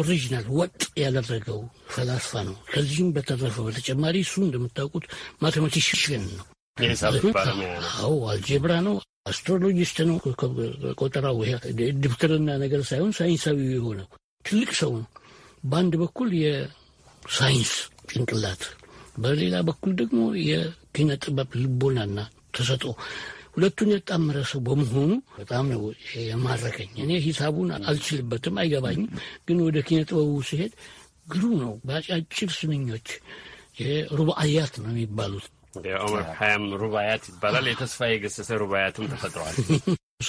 ኦሪጂናል ወጥ ያደረገው ፈላስፋ ነው። ከዚህም በተረፈ በተጨማሪ እሱ እንደምታውቁት ማቴማቲሽን ነው። አዎ አልጀብራ ነው። አስትሮሎጂስት ነው። ቆጠራው ድብትርና ነገር ሳይሆን ሳይንሳዊ የሆነ ትልቅ ሰው ነው። በአንድ በኩል የሳይንስ ጭንቅላት፣ በሌላ በኩል ደግሞ የኪነ ጥበብ ልቦናና ተሰጥኦ ሁለቱን የጣመረ ሰው በመሆኑ በጣም ነው የማረከኝ። እኔ ሂሳቡን አልችልበትም፣ አይገባኝም። ግን ወደ ኪነ ጥበቡ ሲሄድ ግሩም ነው። በአጫጭር ስንኞች ሩባአያት ነው የሚባሉት። የኦመር ሀያም ሩባያት ይባላል። የተስፋ የገሰሰ ሩባያትም ተፈጥረዋል።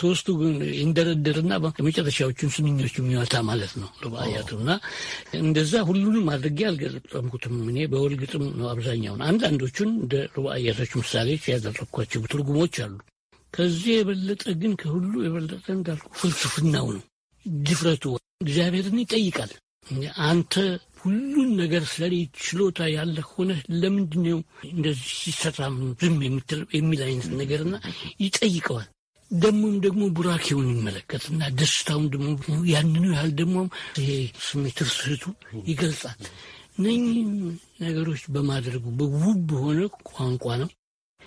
ሶስቱ ግን ይንደረደርና የመጨረሻዎቹን ስንኞች የሚወታ ማለት ነው ሩባያቱ እና እንደዛ ሁሉንም አድርጌ አልገጠምኩትም። እኔ በወልግጥም ነው አብዛኛውን። አንዳንዶቹን እንደ ሩባያቶች ምሳሌ ያደረግኳቸው ትርጉሞች አሉ። ከዚህ የበለጠ ግን ከሁሉ የበለጠ እንዳልኩ ፍልስፍናው ነው፣ ድፍረቱ እግዚአብሔርን ይጠይቃል። አንተ ሁሉን ነገር ሰሪ ችሎታ ያለ ሆነ ለምንድን ነው እንደዚህ ሲሰራ ዝም የሚል አይነት ነገርና ይጠይቀዋል። ደግሞም ደግሞ ቡራኬውን ይመለከትና ደስታውን ደግሞ ያንኑ ያህል ደግሞ ይሄ ስሜት ርስህቱ ይገልጻል። እነኝህን ነገሮች በማድረጉ በውብ በሆነ ቋንቋ ነው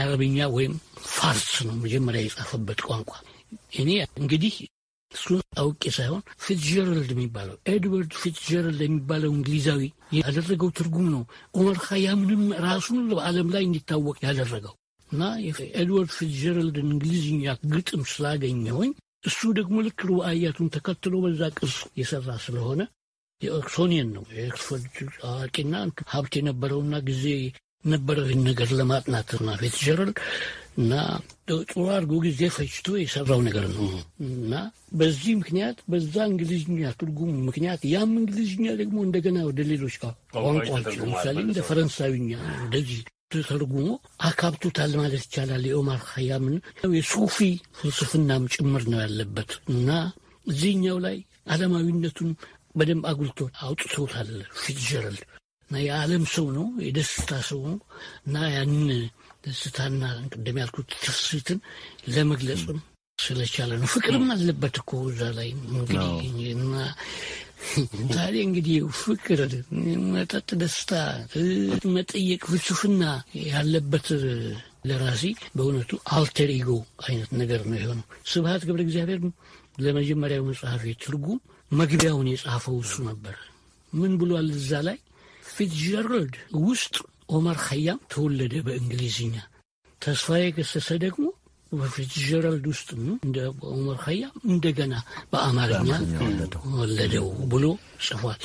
አረብኛ ወይም ፋርስ ነው መጀመሪያ የጻፈበት ቋንቋ። እኔ እንግዲህ እሱን አውቄ ሳይሆን ፊትጀራልድ የሚባለው ኤድዋርድ ፊትጀራልድ የሚባለው እንግሊዛዊ ያደረገው ትርጉም ነው ዑመር ኸያምንም ራሱን በዓለም ላይ እንዲታወቅ ያደረገው እና ኤድዋርድ ፊትጀራልድን እንግሊዝኛ ግጥም ስላገኘሁኝ እሱ ደግሞ ልክ ሩአያቱን ተከትሎ በዛ ቅርጽ የሰራ ስለሆነ የኦክሶኒየን ነው የኦክስፎርድ አዋቂና ሀብት የነበረውና ጊዜ ነበረው ነገር ነገር ና ፊትጀራልድ እና ጥሩ አድርጎ ጊዜ ፈጅቶ የሰራው ነገር ነው እና በዚህ ምክንያት በዛ እንግሊዝኛ ትርጉም ምክንያት ያም እንግሊዝኛ ደግሞ እንደገና ወደ ሌሎች ቋንቋዎች ለምሳሌ እንደ ፈረንሳዊኛ እንደዚህ ተርጉሞ አካብቶታል ማለት ይቻላል። የኦማር ኸያምን የሱፊ ፍልስፍናም ጭምር ነው ያለበት እና እዚህኛው ላይ ዓለማዊነቱን በደንብ አጉልቶ አውጥቶታል ፊትጀራልድ እና የዓለም ሰው ነው፣ የደስታ ሰው ነው እና ያንን ደስታና ቅድም ያልኩት ትስስትን ለመግለጽም ስለቻለ ነው። ፍቅርም አለበት እኮ እዛ ላይ እንግዲህ እና ታዲያ እንግዲህ ፍቅር፣ መጠጥ፣ ደስታ፣ መጠየቅ፣ ፍልስፍና ያለበት ለራሲ በእውነቱ አልተር ኢጎ አይነት ነገር ነው የሆነው። ስብሐት ገብረ እግዚአብሔር ለመጀመሪያው መጽሐፍ ትርጉም መግቢያውን የጻፈው እሱ ነበር። ምን ብሏል እዛ ላይ? ፊትጀራልድ ውስጥ ኦመር ኸያም ተወለደ በእንግሊዝኛ። ተስፋዬ ገሰሰ ደግሞ በፊትጀራልድ ውስጥ እንደ ኦመር ኸያም እንደገና በአማርኛ ወለደው ብሎ ጽፏል።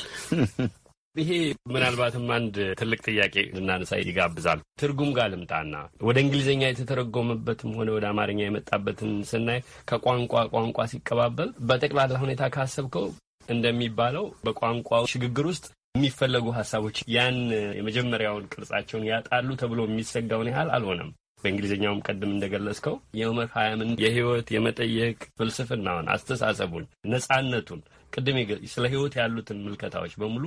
ይሄ ምናልባትም አንድ ትልቅ ጥያቄ ልናነሳ ይጋብዛል። ትርጉም ጋር ልምጣና ወደ እንግሊዝኛ የተተረጎመበትም ሆነ ወደ አማርኛ የመጣበትን ስናይ ከቋንቋ ቋንቋ ሲቀባበል በጠቅላላ ሁኔታ ካሰብከው እንደሚባለው በቋንቋ ሽግግር ውስጥ የሚፈለጉ ሀሳቦች ያን የመጀመሪያውን ቅርጻቸውን ያጣሉ ተብሎ የሚሰጋውን ያህል አልሆነም። በእንግሊዝኛውም ቀድም እንደገለጽከው የዑመር ሀያምን የህይወት የመጠየቅ ፍልስፍናውን፣ አስተሳሰቡን፣ ነጻነቱን ቅድም ስለ ህይወት ያሉትን ምልከታዎች በሙሉ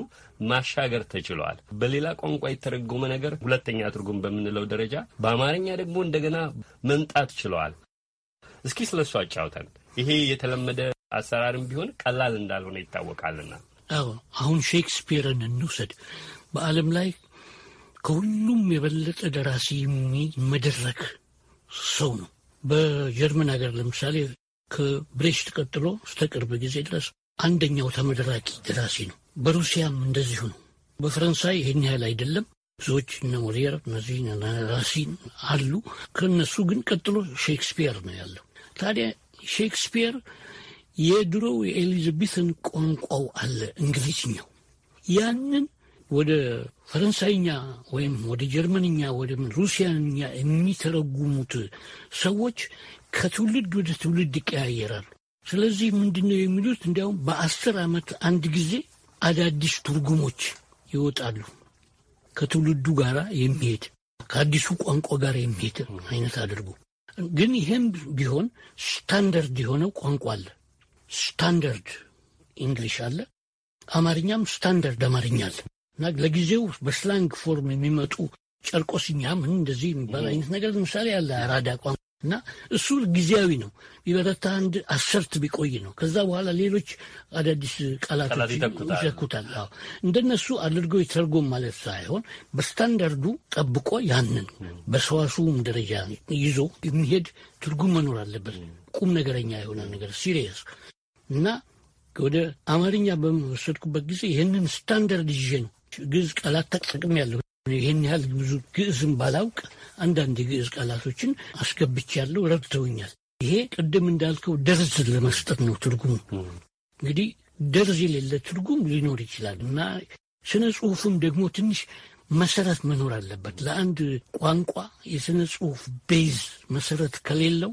ማሻገር ተችሏል። በሌላ ቋንቋ የተረጎመ ነገር ሁለተኛ ትርጉም በምንለው ደረጃ በአማርኛ ደግሞ እንደገና መምጣት ችለዋል። እስኪ ስለ እሱ አጫውተን። ይሄ የተለመደ አሰራርም ቢሆን ቀላል እንዳልሆነ ይታወቃልና አሁን ሼክስፒርን እንውሰድ። በዓለም ላይ ከሁሉም የበለጠ ደራሲ የሚመደረክ ሰው ነው። በጀርመን ሀገር ለምሳሌ ከብሬሽት ቀጥሎ እስከ ቅርብ ጊዜ ድረስ አንደኛው ተመደራቂ ደራሲ ነው። በሩሲያም እንደዚሁ ነው። በፈረንሳይ ይህን ያህል አይደለም። ብዙዎች እነ ሞሊየር እነዚህ ራሲን አሉ። ከእነሱ ግን ቀጥሎ ሼክስፒር ነው ያለው። ታዲያ ሼክስፒር የድሮው የኤሊዝቤትን ቋንቋው አለ እንግሊዝኛው ያንን ወደ ፈረንሳይኛ ወይም ወደ ጀርመንኛ ወደ ሩሲያንኛ የሚተረጉሙት ሰዎች ከትውልድ ወደ ትውልድ ይቀያየራሉ። ስለዚህ ምንድን ነው የሚሉት? እንዲያውም በአስር ዓመት አንድ ጊዜ አዳዲስ ትርጉሞች ይወጣሉ። ከትውልዱ ጋር የሚሄድ ከአዲሱ ቋንቋ ጋር የሚሄድ አይነት አድርጎ ግን ይህም ቢሆን ስታንዳርድ የሆነው ቋንቋ አለ። ስታንዳርድ እንግሊሽ አለ፣ አማርኛም ስታንዳርድ አማርኛ አለ እና ለጊዜው በስላንግ ፎርም የሚመጡ ጨርቆስኛ ምን እንደዚህ የሚባል አይነት ነገር ለምሳሌ አለ አራዳ ቋንቋ እና እሱ ጊዜያዊ ነው። ቢበረታ አንድ አሰርት ቢቆይ ነው። ከዛ በኋላ ሌሎች አዳዲስ ቃላቶች ይተኩታል። እንደነሱ አድርገው የተርጎም ማለት ሳይሆን በስታንዳርዱ ጠብቆ ያንን በሰዋሱም ደረጃ ይዞ የሚሄድ ትርጉም መኖር አለበት። ቁም ነገረኛ የሆነ ነገር ሲሪየስ እና ወደ አማርኛ በመወሰድኩበት ጊዜ ይህንን ስታንዳርድ ይዤ ነው ግዕዝ ቃላት ተጠቅም ያለሁ። ይህን ያህል ብዙ ግዕዝም ባላውቅ አንዳንድ የግዕዝ ቃላቶችን ያለው ረድተውኛል። ይሄ ቅድም እንዳልከው ደርዝ ለመስጠት ነው ትርጉሙ። እንግዲህ ደርዝ የሌለ ትርጉም ሊኖር ይችላል እና ስነ ጽሁፉም ደግሞ ትንሽ መሰረት መኖር አለበት። ለአንድ ቋንቋ የስነ ጽሁፍ ቤዝ መሰረት ከሌለው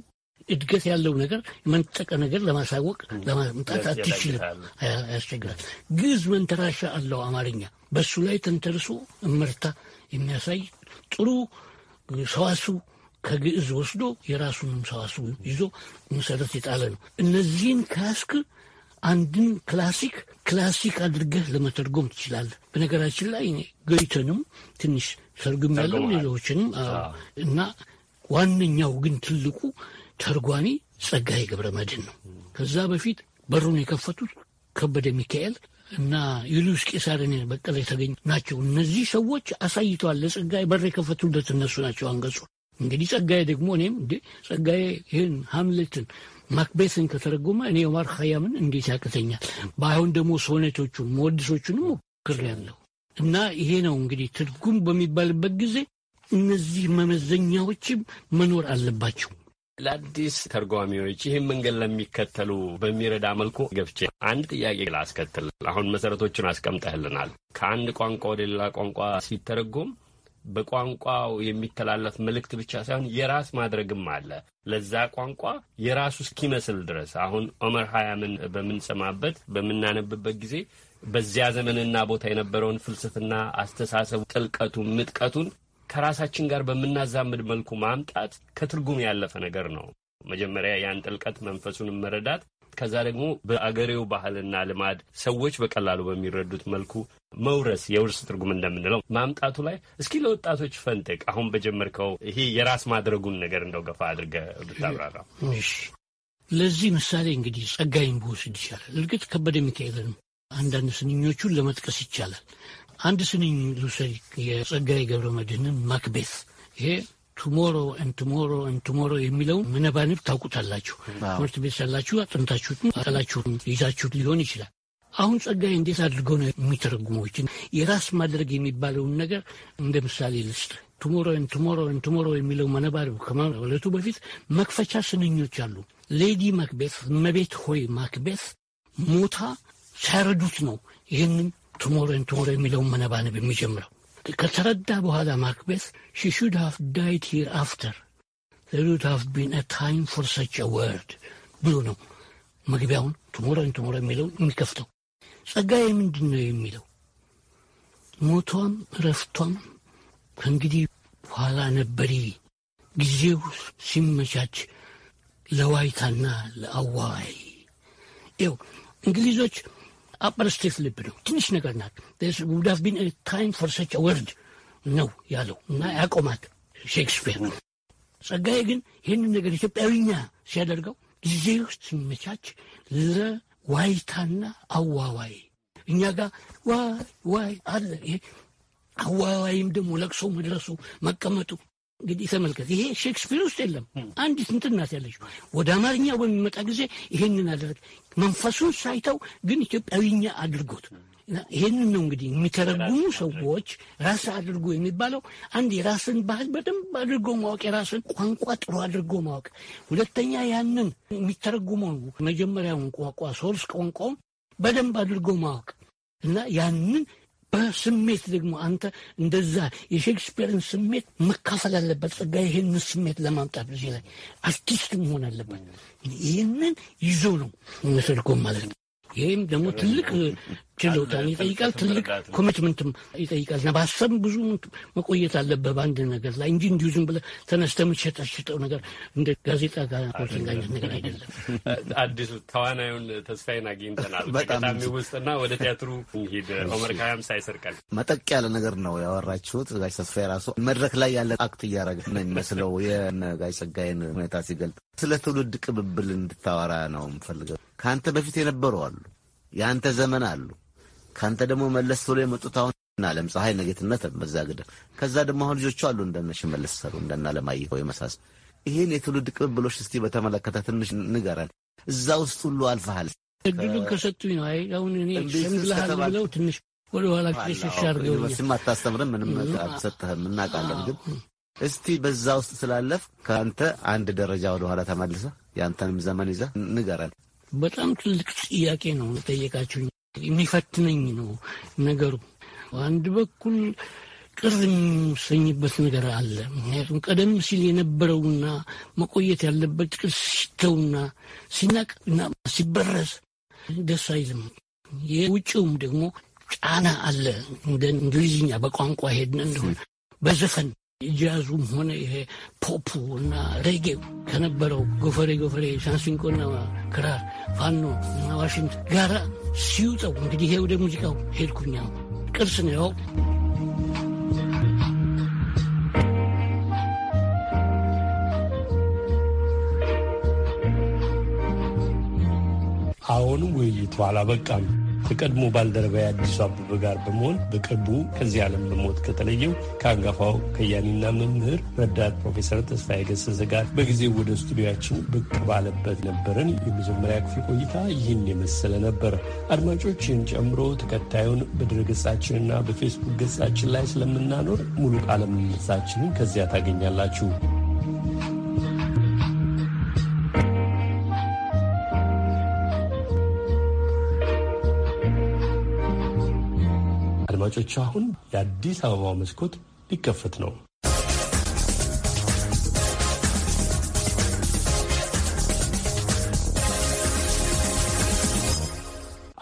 እድገት ያለው ነገር መንጠቀ ነገር ለማሳወቅ ለማምጣት አትችልም፣ ያስቸግራል። ግዕዝ መንተራሻ አለው አማርኛ። በሱ ላይ ተንተርሶ እመርታ የሚያሳይ ጥሩ ሰዋሱ ከግዕዝ ወስዶ የራሱንም ሰዋሱ ይዞ መሰረት የጣለ ነው። እነዚህን ካስክ አንድን ክላሲክ ክላሲክ አድርገህ ለመተርጎም ትችላለህ። በነገራችን ላይ ገይተንም ትንሽ ሰርግም ያለው ሌሎችንም እና ዋነኛው ግን ትልቁ ተርጓሚ ጸጋዬ ገብረ መድን ነው። ከዛ በፊት በሩን የከፈቱት ከበደ ሚካኤል እና ዩልዩስ ቄሳርን በቀለ የተገኙ ናቸው። እነዚህ ሰዎች አሳይተዋል። ለጸጋዬ በር የከፈቱለት እነሱ ናቸው። አንገጹ እንግዲህ ጸጋዬ ደግሞ እኔም ጸጋዬ ይህን ሀምሌትን ማክቤትን ከተረጎመ እኔ ኦማር ኸያምን እንዴት ያቅተኛል? በአሁን ደግሞ ሶኔቶቹን ሞክር ያለው እና ይሄ ነው እንግዲህ ትርጉም በሚባልበት ጊዜ እነዚህ መመዘኛዎችም መኖር አለባቸው። ለአዲስ ተርጓሚዎች ይህን መንገድ ለሚከተሉ በሚረዳ መልኩ ገብቼ አንድ ጥያቄ ላስከትል። አሁን መሰረቶቹን አስቀምጠህልናል። ከአንድ ቋንቋ ወደ ሌላ ቋንቋ ሲተረጎም በቋንቋው የሚተላለፍ መልእክት ብቻ ሳይሆን የራስ ማድረግም አለ። ለዛ ቋንቋ የራሱ እስኪመስል ድረስ አሁን ኦመር ሀያምን በምንሰማበት በምናነብበት ጊዜ በዚያ ዘመንና ቦታ የነበረውን ፍልስፍና፣ አስተሳሰቡ፣ ጥልቀቱን፣ ምጥቀቱን ከራሳችን ጋር በምናዛምድ መልኩ ማምጣት ከትርጉም ያለፈ ነገር ነው። መጀመሪያ ያን ጥልቀት መንፈሱን መረዳት፣ ከዛ ደግሞ በአገሬው ባህልና ልማድ ሰዎች በቀላሉ በሚረዱት መልኩ መውረስ የውርስ ትርጉም እንደምንለው ማምጣቱ ላይ እስኪ ለወጣቶች ፈንጥቅ፣ አሁን በጀመርከው ይሄ የራስ ማድረጉን ነገር እንደው ገፋ አድርገህ ብታብራራ። ለዚህ ምሳሌ እንግዲህ ጸጋይን ብወስድ ይቻላል። እርግጥ ከበደ ሚካኤልንም አንዳንድ ስንኞቹን ለመጥቀስ ይቻላል። አንድ ስንኝ ልውሰድ፣ የጸጋዬ ገብረ መድህንን ማክቤት። ይሄ ቱሞሮ ቱሞሮ ቱሞሮ የሚለውን ምነባንብ ታውቁታላችሁ። ትምህርት ቤት ሳላችሁ አጥንታችሁት አካላችሁ ይዛችሁት ሊሆን ይችላል። አሁን ጸጋዬ እንዴት አድርገው ነው የሚተረጉመው? የራስ ማድረግ የሚባለውን ነገር እንደ ምሳሌ ልስጥ። ቱሞሮ ቱሞሮ ቱሞሮ የሚለው መነባንብ ከማለቱ በፊት መክፈቻ ስንኞች አሉ። ሌዲ ማክቤት፣ መቤት ሆይ ማክቤት ሞታ ሳያረዱት ነው ይህንን ቱሞሮን ቱሞሮ የሚለውን መነባነብ የሚጀምረው ከተረዳ በኋላ ማክቤት ሽሹድ ሀፍ ዳይት ሂር አፍተር ዘሩድ ሀፍ ቢን ታይም ፎር ሰች ወርድ ብሎ ነው መግቢያውን ቱሞሮን ቱሞሮ የሚለውን የሚከፍተው። ጸጋዬ ምንድን ነው የሚለው ሞቷም እረፍቷም ከእንግዲህ ኋላ ነበሪ ጊዜው ሲመቻች ለዋይታና ለአዋይ ው እንግሊዞች አፐር ስቴት ልብ ነው። ትንሽ ነገር ናት። ውዳፍ ቢን ታይም ፎር ሰች ወርድ ነው ያለው እና ያቆማት ሼክስፒር ጸጋዬ ግን ይህንን ነገር ኢትዮጵያዊኛ ሲያደርገው ጊዜ ውስጥ ሲመቻች ለዋይታና አዋዋይ እኛ ጋር ዋይ ዋይ አለ። ይሄ አዋዋይም ደግሞ ለቅሶ መድረሱ መቀመጡ እንግዲህ ተመልከት፣ ይሄ ሼክስፒር ውስጥ የለም። አንድ እንትን ናት ወደ አማርኛ በሚመጣ ጊዜ ይሄንን አደረግ መንፈሱን ሳይተው ግን ኢትዮጵያዊኛ አድርጎት ይህንን ነው እንግዲህ የሚተረጉሙ ሰዎች ራስ አድርጎ የሚባለው አንድ የራስን ባህል በደንብ አድርጎ ማወቅ፣ የራስን ቋንቋ ጥሩ አድርጎ ማወቅ፣ ሁለተኛ ያንን የሚተረጉመው መጀመሪያውን ቋንቋ ሶርስ ቋንቋውን በደንብ አድርጎ ማወቅ እና ያንን በስሜት ደግሞ አንተ እንደዛ የሼክስፒርን ስሜት መካፈል አለበት። ጸጋ ይህን ስሜት ለማምጣት እዚህ ላይ አርቲስት መሆን አለበት። ይህንን ይዞ ነው መሰድጎም ማለት ነው። ይህም ደግሞ ትልቅ ችሎታን ይጠይቃል፣ ትልቅ ኮሚትመንትም ይጠይቃል እና በሀሳብ ብዙ መቆየት አለበት በአንድ ነገር ላይ እንጂ እንዲሁ ዝም ብለህ ተነስተህ የምትሸጣሸጠው ነገር እንደ ጋዜጣ ጋር አይነት ነገር አይደለም። አዲሱ ተዋናዩን ተስፋዬን አግኝተናል። በጣም ውስጥና ወደ ቲያትሩ ሄድ ኦመር ካያም ሳይሰርቀን መጠቅ ያለ ነገር ነው ያወራችሁት። ጋሽ ተስፋዬ ራሱ መድረክ ላይ ያለ አክት እያደረገ ነው የሚመስለው የጋሽ ጸጋዬን ሁኔታ ሲገልጥ ስለ ትውልድ ቅብብል እንድታወራ ነው የምፈልገው። ከአንተ በፊት የነበሩ አሉ፣ የአንተ ዘመን አሉ። ከአንተ ደግሞ መለስ ብሎ የመጡት አሁን እና ዓለም ፀሐይ ነገትነት በዛ ግድ ከዛ ደግሞ አሁን ልጆቹ አሉ እንደነሽመልስ ሰሩ እንደና ለማየው የመሳሰ ይህን የትውልድ ቅብብሎች እስቲ በተመለከተ ትንሽ ንገረን። እዛ ውስጥ ሁሉ አልፈሃል። እድሉን ከሰጡኝ ነው። አይ አሁን እኔ ሸምግልሃል ብለው ትንሽ ወደ ኋላ ሸሻ አድርገውኛል። አታስተምርም፣ ምንም አልሰጠህም፣ እናውቃለን። ግን እስቲ በዛ ውስጥ ስላለፍ ከአንተ አንድ ደረጃ ወደኋላ ተመልሰ የአንተንም ዘመን ይዘህ ንገረን። በጣም ትልቅ ጥያቄ ነው የጠየቃችሁኝ። የሚፈትነኝ ነው ነገሩ። አንድ በኩል ቅር የሚሰኝበት ነገር አለ። ምክንያቱም ቀደም ሲል የነበረውና መቆየት ያለበት ቅር ሲተውና ሲናቅና ሲበረዝ ደስ አይልም። የውጭውም ደግሞ ጫና አለ። እንደ እንግሊዝኛ በቋንቋ ሄድን እንደሆነ በዘፈን ጃዙም ሆነ ይሄ ፖፑ እና ሬጌው ከነበረው ጎፈሬ ጎፈሬ ሳንሲንቆና ክራር ፋኖ እና ዋሽንት ጋራ ሲውጠው እንግዲህ ይሄ ወደ ሙዚቃው ሄድኩኛ ቅርስ ነው ያው አሁንም ውይይቱ አላበቃም። ከቀድሞ ባልደረባ አዲሱ አበበ ጋር በመሆን በቅርቡ ከዚህ ዓለም በሞት ከተለየው ከአንጋፋው ከያኒና መምህር ረዳት ፕሮፌሰር ተስፋዬ ገሰሰ ጋር በጊዜው ወደ ስቱዲያችን ብቅ ባለበት ነበርን። የመጀመሪያ ክፍል ቆይታ ይህን የመሰለ ነበር። አድማጮች ይህን ጨምሮ ተከታዩን ገጻችንና በፌስቡክ ገጻችን ላይ ስለምናኖር ሙሉ ቃለ ምልልሳችንን ከዚያ ታገኛላችሁ። አድማጮች አሁን የአዲስ አበባ መስኮት ሊከፈት ነው።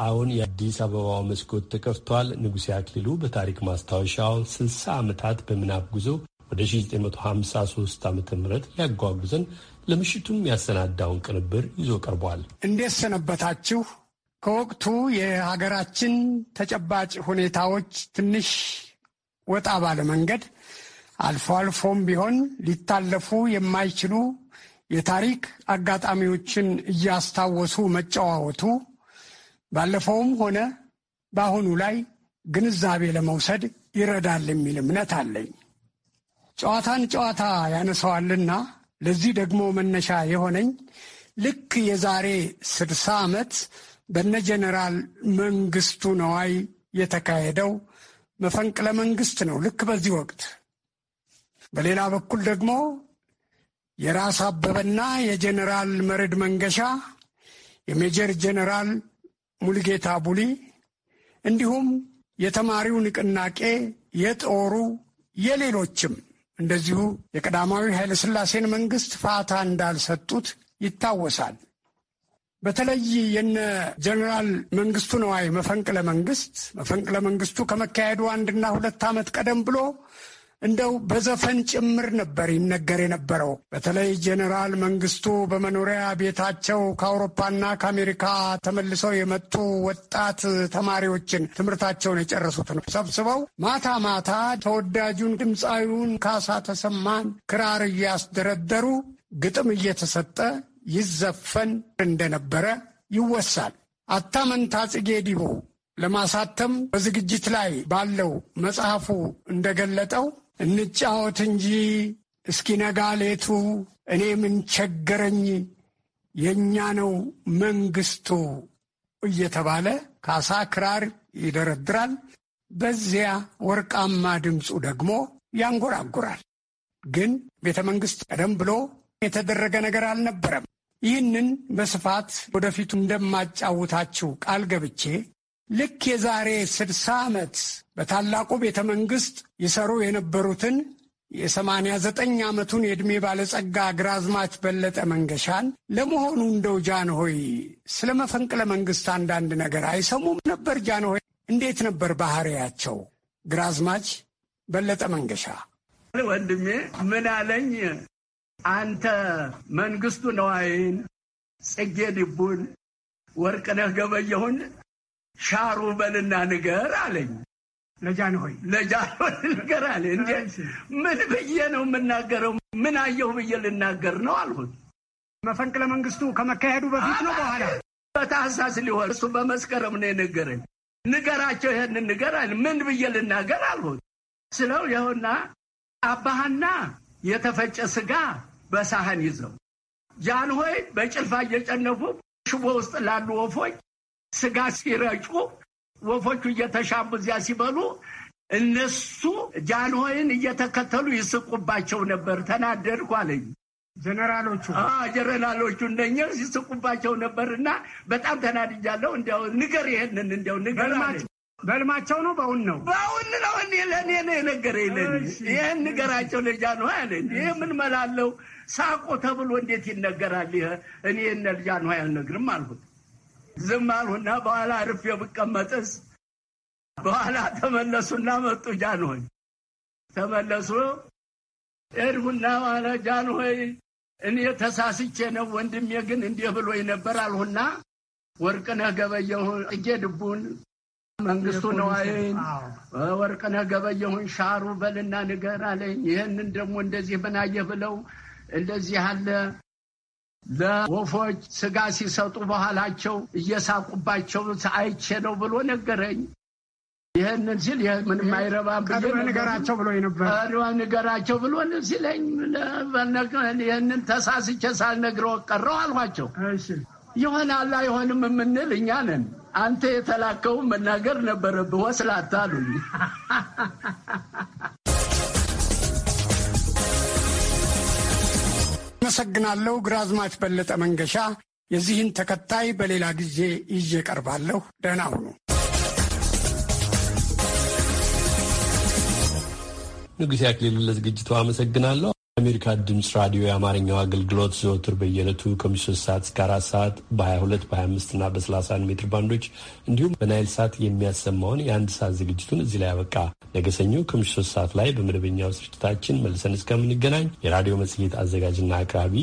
አሁን የአዲስ አበባው መስኮት ተከፍቷል። ንጉሴ አክሊሉ በታሪክ ማስታወሻው 60 ዓመታት በምናብ ጉዞ ወደ 1953 ዓ ም ያጓጉዘን ለምሽቱም ያሰናዳውን ቅንብር ይዞ ቀርቧል። እንዴት ሰነበታችሁ? ከወቅቱ የሀገራችን ተጨባጭ ሁኔታዎች ትንሽ ወጣ ባለ መንገድ አልፎ አልፎም ቢሆን ሊታለፉ የማይችሉ የታሪክ አጋጣሚዎችን እያስታወሱ መጨዋወቱ ባለፈውም ሆነ በአሁኑ ላይ ግንዛቤ ለመውሰድ ይረዳል የሚል እምነት አለኝ። ጨዋታን ጨዋታ ያነሰዋልና ለዚህ ደግሞ መነሻ የሆነኝ ልክ የዛሬ ስድሳ ዓመት በነ ጀኔራል መንግስቱ ነዋይ የተካሄደው መፈንቅለ መንግስት ነው። ልክ በዚህ ወቅት በሌላ በኩል ደግሞ የራስ አበበና የጀኔራል መርድ መንገሻ የሜጀር ጀኔራል ሙልጌታ ቡሊ እንዲሁም የተማሪው ንቅናቄ የጦሩ የሌሎችም እንደዚሁ የቀዳማዊ ኃይለስላሴን መንግስት ፋታ እንዳልሰጡት ይታወሳል። በተለይ የነ ጀኔራል መንግስቱ ነዋይ መፈንቅለ መንግስት መፈንቅለ መንግስቱ ከመካሄዱ አንድና ሁለት ዓመት ቀደም ብሎ እንደው በዘፈን ጭምር ነበር ይነገር የነበረው። በተለይ ጀኔራል መንግስቱ በመኖሪያ ቤታቸው ከአውሮፓና ከአሜሪካ ተመልሰው የመጡ ወጣት ተማሪዎችን ትምህርታቸውን የጨረሱትን ሰብስበው ማታ ማታ ተወዳጁን ድምፃዊውን ካሳ ተሰማን ክራር እያስደረደሩ ግጥም እየተሰጠ ይዘፈን እንደነበረ ይወሳል። አታመንታ ጽጌ ዲቦ ለማሳተም በዝግጅት ላይ ባለው መጽሐፉ እንደገለጠው እንጫወት እንጂ እስኪነጋ ሌቱ እኔ ምን ቸገረኝ የእኛ ነው መንግስቱ እየተባለ ካሳ ክራር ይደረድራል። በዚያ ወርቃማ ድምፁ ደግሞ ያንጎራጉራል። ግን ቤተ መንግሥት ቀደም ብሎ የተደረገ ነገር አልነበረም። ይህንን በስፋት ወደፊቱ እንደማጫውታችሁ ቃል ገብቼ ልክ የዛሬ ስድሳ ዓመት በታላቁ ቤተ መንግሥት ይሰሩ የነበሩትን የሰማንያ ዘጠኝ ዓመቱን የዕድሜ ባለጸጋ ግራዝማች በለጠ መንገሻን ለመሆኑ እንደው ጃንሆይ ስለ መፈንቅለ መንግሥት አንዳንድ ነገር አይሰሙም ነበር? ጃንሆይ እንዴት ነበር ባህሪያቸው? ግራዝማች በለጠ መንገሻ ወንድሜ ምን አለኝ አንተ መንግስቱ ነዋይን፣ ጽጌ ዲቡን፣ ወርቅነህ ገበየሁን ሻሩ በልና ንገር አለኝ። ለጃን ሆይ ለጃን ሆይ ንገር አለ። እንዴ ምን ብዬ ነው የምናገረው? ምን አየሁ ብዬ ልናገር ነው አልሁት። መፈንቅለ መንግስቱ ከመካሄዱ በፊት ነው በኋላ በታህሳስ ሊሆን እሱ በመስከረም ነው የነገረኝ። ንገራቸው ይህን ንገር አለ። ምን ብዬ ልናገር አልሁት ስለው ይኸውና አባሃና የተፈጨ ስጋ በሳህን ይዘው ጃንሆይ በጭልፋ እየጨነፉ ሽቦ ውስጥ ላሉ ወፎች ስጋ ሲረጩ ወፎቹ እየተሻሙ እዚያ ሲበሉ እነሱ ጃንሆይን እየተከተሉ ይስቁባቸው ነበር። ተናደድኩ አለኝ። ጀነራሎቹ ጀነራሎቹ እንደኛ ሲስቁባቸው ነበር እና በጣም ተናድጃለሁ። እንዲያው ንገር፣ ይሄንን እንዲያው ንገር በልማቸው ነው። በእውን ነው በእውን ነው። እኔ ለእኔ ነው የነገረኝ። ይህን ንገራቸው ልጃ ነው ያለ ይህ ምን መላለው ሳቆ ተብሎ እንዴት ይነገራል? ይህ እኔ እነ ልጃ ነው አልነግርም አልሁት። ዝም አልሁና በኋላ አርፌ ብቀመጥስ በኋላ ተመለሱና መጡ። ጃንሆይ ተመለሱ እድሁና ዋለ ጃንሆይ እኔ ተሳስቼ ነው ወንድሜ ግን እንዲህ ብሎ ነበር አልሁና ወርቅነህ ገበየሁ ጥጌ ድቡን መንግስቱ ነዋይን ወርቅነህ ገበየሁን ሻሩ በልና ንገር አለኝ። ይህንን ደግሞ እንደዚህ ብናየህ ብለው እንደዚህ አለ ለወፎች ስጋ ሲሰጡ በኋላቸው እየሳቁባቸው አይቼ ነው ብሎ ነገረኝ። ይህንን ሲል ምንም አይረባ ንገራቸው ብሎ ንገራቸው ብሎ ሲለኝ ይህንን ተሳስቼ ሳልነግረው ቀረው አልኋቸው። ይሆናል አይሆንም የምንል እኛ ነን። አንተ የተላከውን መናገር ነበረብህ ወስላታ አሉኝ። አመሰግናለሁ። ግራዝማች በለጠ መንገሻ። የዚህን ተከታይ በሌላ ጊዜ ይዤ ቀርባለሁ። ደህና ሁኑ። ንጉሴ አክሊሉን ለዝግጅቱ አመሰግናለሁ። የአሜሪካ ድምፅ ራዲዮ የአማርኛው አገልግሎት ዘወትር በየዕለቱ ከምሽቱ ሶስት ሰዓት እስከ አራት ሰዓት በ22 በ25 እና በ31 ሜትር ባንዶች እንዲሁም በናይል ሰዓት የሚያሰማውን የአንድ ሰዓት ዝግጅቱን እዚህ ላይ ያበቃ። ነገ ሰኞ ከምሽቱ ሶስት ሰዓት ላይ በመደበኛው ስርጭታችን መልሰን እስከምንገናኝ የራዲዮ መጽሔት አዘጋጅና አቅራቢ